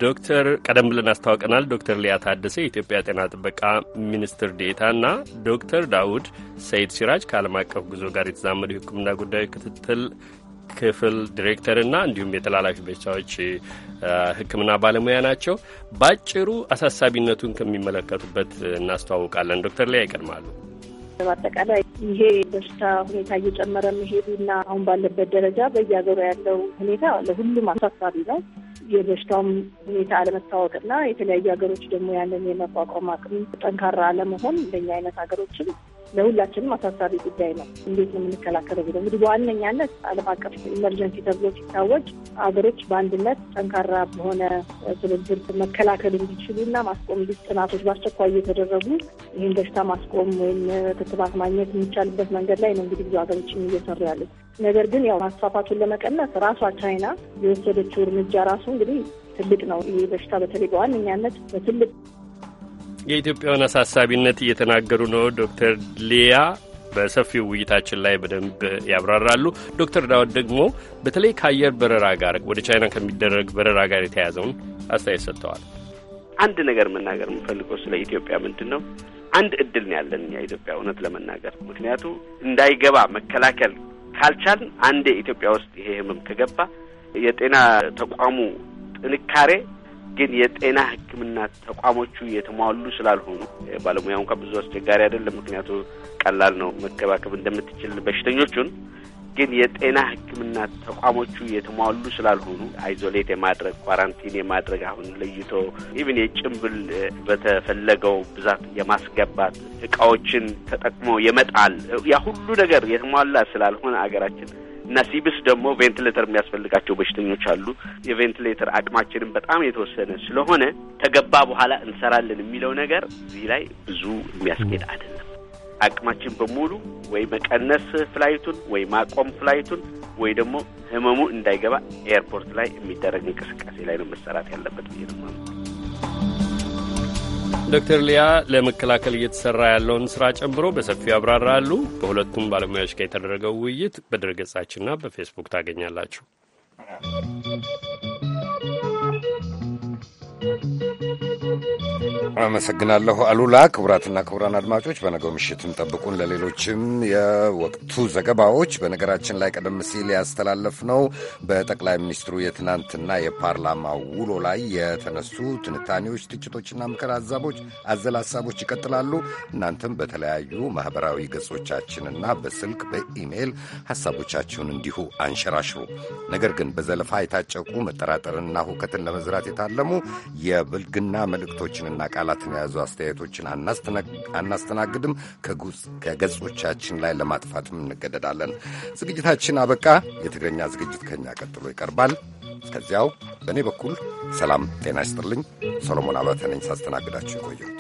S21: ዶክተር ቀደም ብለን አስታውቀናል። ዶክተር ሊያ ታደሰ የኢትዮጵያ ጤና ጥበቃ ሚኒስትር ዴኤታና ዶክተር ዳውድ ሰይድ ሲራጅ ከዓለም አቀፍ ጉዞ ጋር የተዛመዱ የሕክምና ጉዳዮች ክትትል ክፍል ዲሬክተርና እንዲሁም የተላላፊ በሽታዎች ሕክምና ባለሙያ ናቸው። ባጭሩ አሳሳቢነቱን ከሚመለከቱበት እናስተዋውቃለን። ዶክተር ሊያ ይቀድማሉ።
S7: በአጠቃላይ ይሄ በሽታ ሁኔታ እየጨመረ መሄዱ መሄዱና አሁን ባለበት ደረጃ በየሀገሩ ያለው ሁኔታ ለሁሉም አሳሳቢ ነው። የበሽታውም ሁኔታ አለመታወቅ አለመታወቅና የተለያዩ ሀገሮች ደግሞ ያንን የመቋቋም አቅም ጠንካራ አለመሆን ለእኛ አይነት ሀገሮችም ለሁላችንም አሳሳቢ ጉዳይ ነው። እንዴት ነው የምንከላከለው? እንግዲህ በዋነኛነት ዓለም አቀፍ ኢመርጀንሲ ተብሎ ሲታወጅ አገሮች በአንድነት ጠንካራ በሆነ ትብብር መከላከል እንዲችሉ እና ማስቆም ጥናቶች በአስቸኳይ እየተደረጉ ይህን በሽታ ማስቆም ወይም ክትባት ማግኘት የሚቻልበት መንገድ ላይ ነው እንግዲህ ብዙ ሀገሮችም እየሰሩ ያሉት። ነገር ግን ያው ማስፋፋቱን ለመቀነስ ራሷ ቻይና የወሰደችው እርምጃ ራሱ እንግዲህ ትልቅ ነው። ይህ በሽታ በተለይ በዋነኛነት በትልቅ
S21: የኢትዮጵያውን አሳሳቢነት እየተናገሩ ነው ዶክተር ሊያ በሰፊው ውይይታችን ላይ በደንብ ያብራራሉ። ዶክተር ዳውድ ደግሞ በተለይ ከአየር በረራ ጋር ወደ ቻይና ከሚደረግ በረራ ጋር የተያያዘውን አስተያየት ሰጥተዋል።
S8: አንድ ነገር መናገር የምፈልገው ስለ ኢትዮጵያ ምንድን ነው፣ አንድ እድል ነው ያለን እኛ ኢትዮጵያ እውነት ለመናገር ምክንያቱ እንዳይገባ መከላከል ካልቻልን አንዴ ኢትዮጵያ ውስጥ ይሄ ህመም ከገባ የጤና ተቋሙ ጥንካሬ ግን የጤና ሕክምና ተቋሞቹ የተሟሉ ስላልሆኑ ባለሙያው እንኳ ብዙ አስቸጋሪ አይደለም፣ ምክንያቱ ቀላል ነው መከባከብ እንደምትችል በሽተኞቹን። ግን የጤና ሕክምና ተቋሞቹ የተሟሉ ስላልሆኑ አይዞሌት የማድረግ ኳራንቲን የማድረግ አሁን ለይቶ ኢቭን የጭንብል በተፈለገው ብዛት የማስገባት እቃዎችን ተጠቅሞ የመጣል ያ ሁሉ ነገር የተሟላ ስላልሆነ አገራችን እና ሲብስ ደግሞ ቬንትሌተር የሚያስፈልጋቸው በሽተኞች አሉ። የቬንትሌተር አቅማችንም በጣም የተወሰነ ስለሆነ ከገባ በኋላ እንሰራለን የሚለው ነገር እዚህ ላይ ብዙ የሚያስኬድ አይደለም። አቅማችን በሙሉ ወይ መቀነስ ፍላይቱን ወይ ማቆም ፍላይቱን ወይ ደግሞ ህመሙ እንዳይገባ ኤርፖርት ላይ የሚደረግ እንቅስቃሴ ላይ ነው መሰራት ያለበት ብዬ ነው።
S21: ዶክተር ሊያ ለመከላከል እየተሰራ ያለውን ስራ ጨምሮ በሰፊው ያብራራሉ። በሁለቱም ባለሙያዎች ጋር የተደረገው ውይይት በድረገጻችንና በፌስቡክ ታገኛላችሁ።
S1: አመሰግናለሁ አሉላ። ክቡራትና ክቡራን አድማጮች በነገው ምሽትም ጠብቁን ለሌሎችም የወቅቱ ዘገባዎች። በነገራችን ላይ ቀደም ሲል ያስተላለፍ ነው በጠቅላይ ሚኒስትሩ የትናንትና የፓርላማ ውሎ ላይ የተነሱ ትንታኔዎች፣ ትችቶችና ምክር አዛቦች አዘል ሀሳቦች ይቀጥላሉ። እናንተም በተለያዩ ማህበራዊ ገጾቻችንና በስልክ በኢሜይል ሀሳቦቻችሁን እንዲሁ አንሸራሽሩ። ነገር ግን በዘለፋ የታጨቁ መጠራጠርንና ሁከትን ለመዝራት የታለሙ የብልግና መልእክቶችንና ቃላትን የያዙ አስተያየቶችን አናስተናግድም። ከገጾቻችን ላይ ለማጥፋትም እንገደዳለን። ዝግጅታችን አበቃ። የትግረኛ ዝግጅት ከኛ ቀጥሎ ይቀርባል። እስከዚያው በእኔ በኩል ሰላም ጤና ይስጥልኝ። ሰሎሞን አባተ ነኝ ሳስተናግዳችሁ የቆየሁት።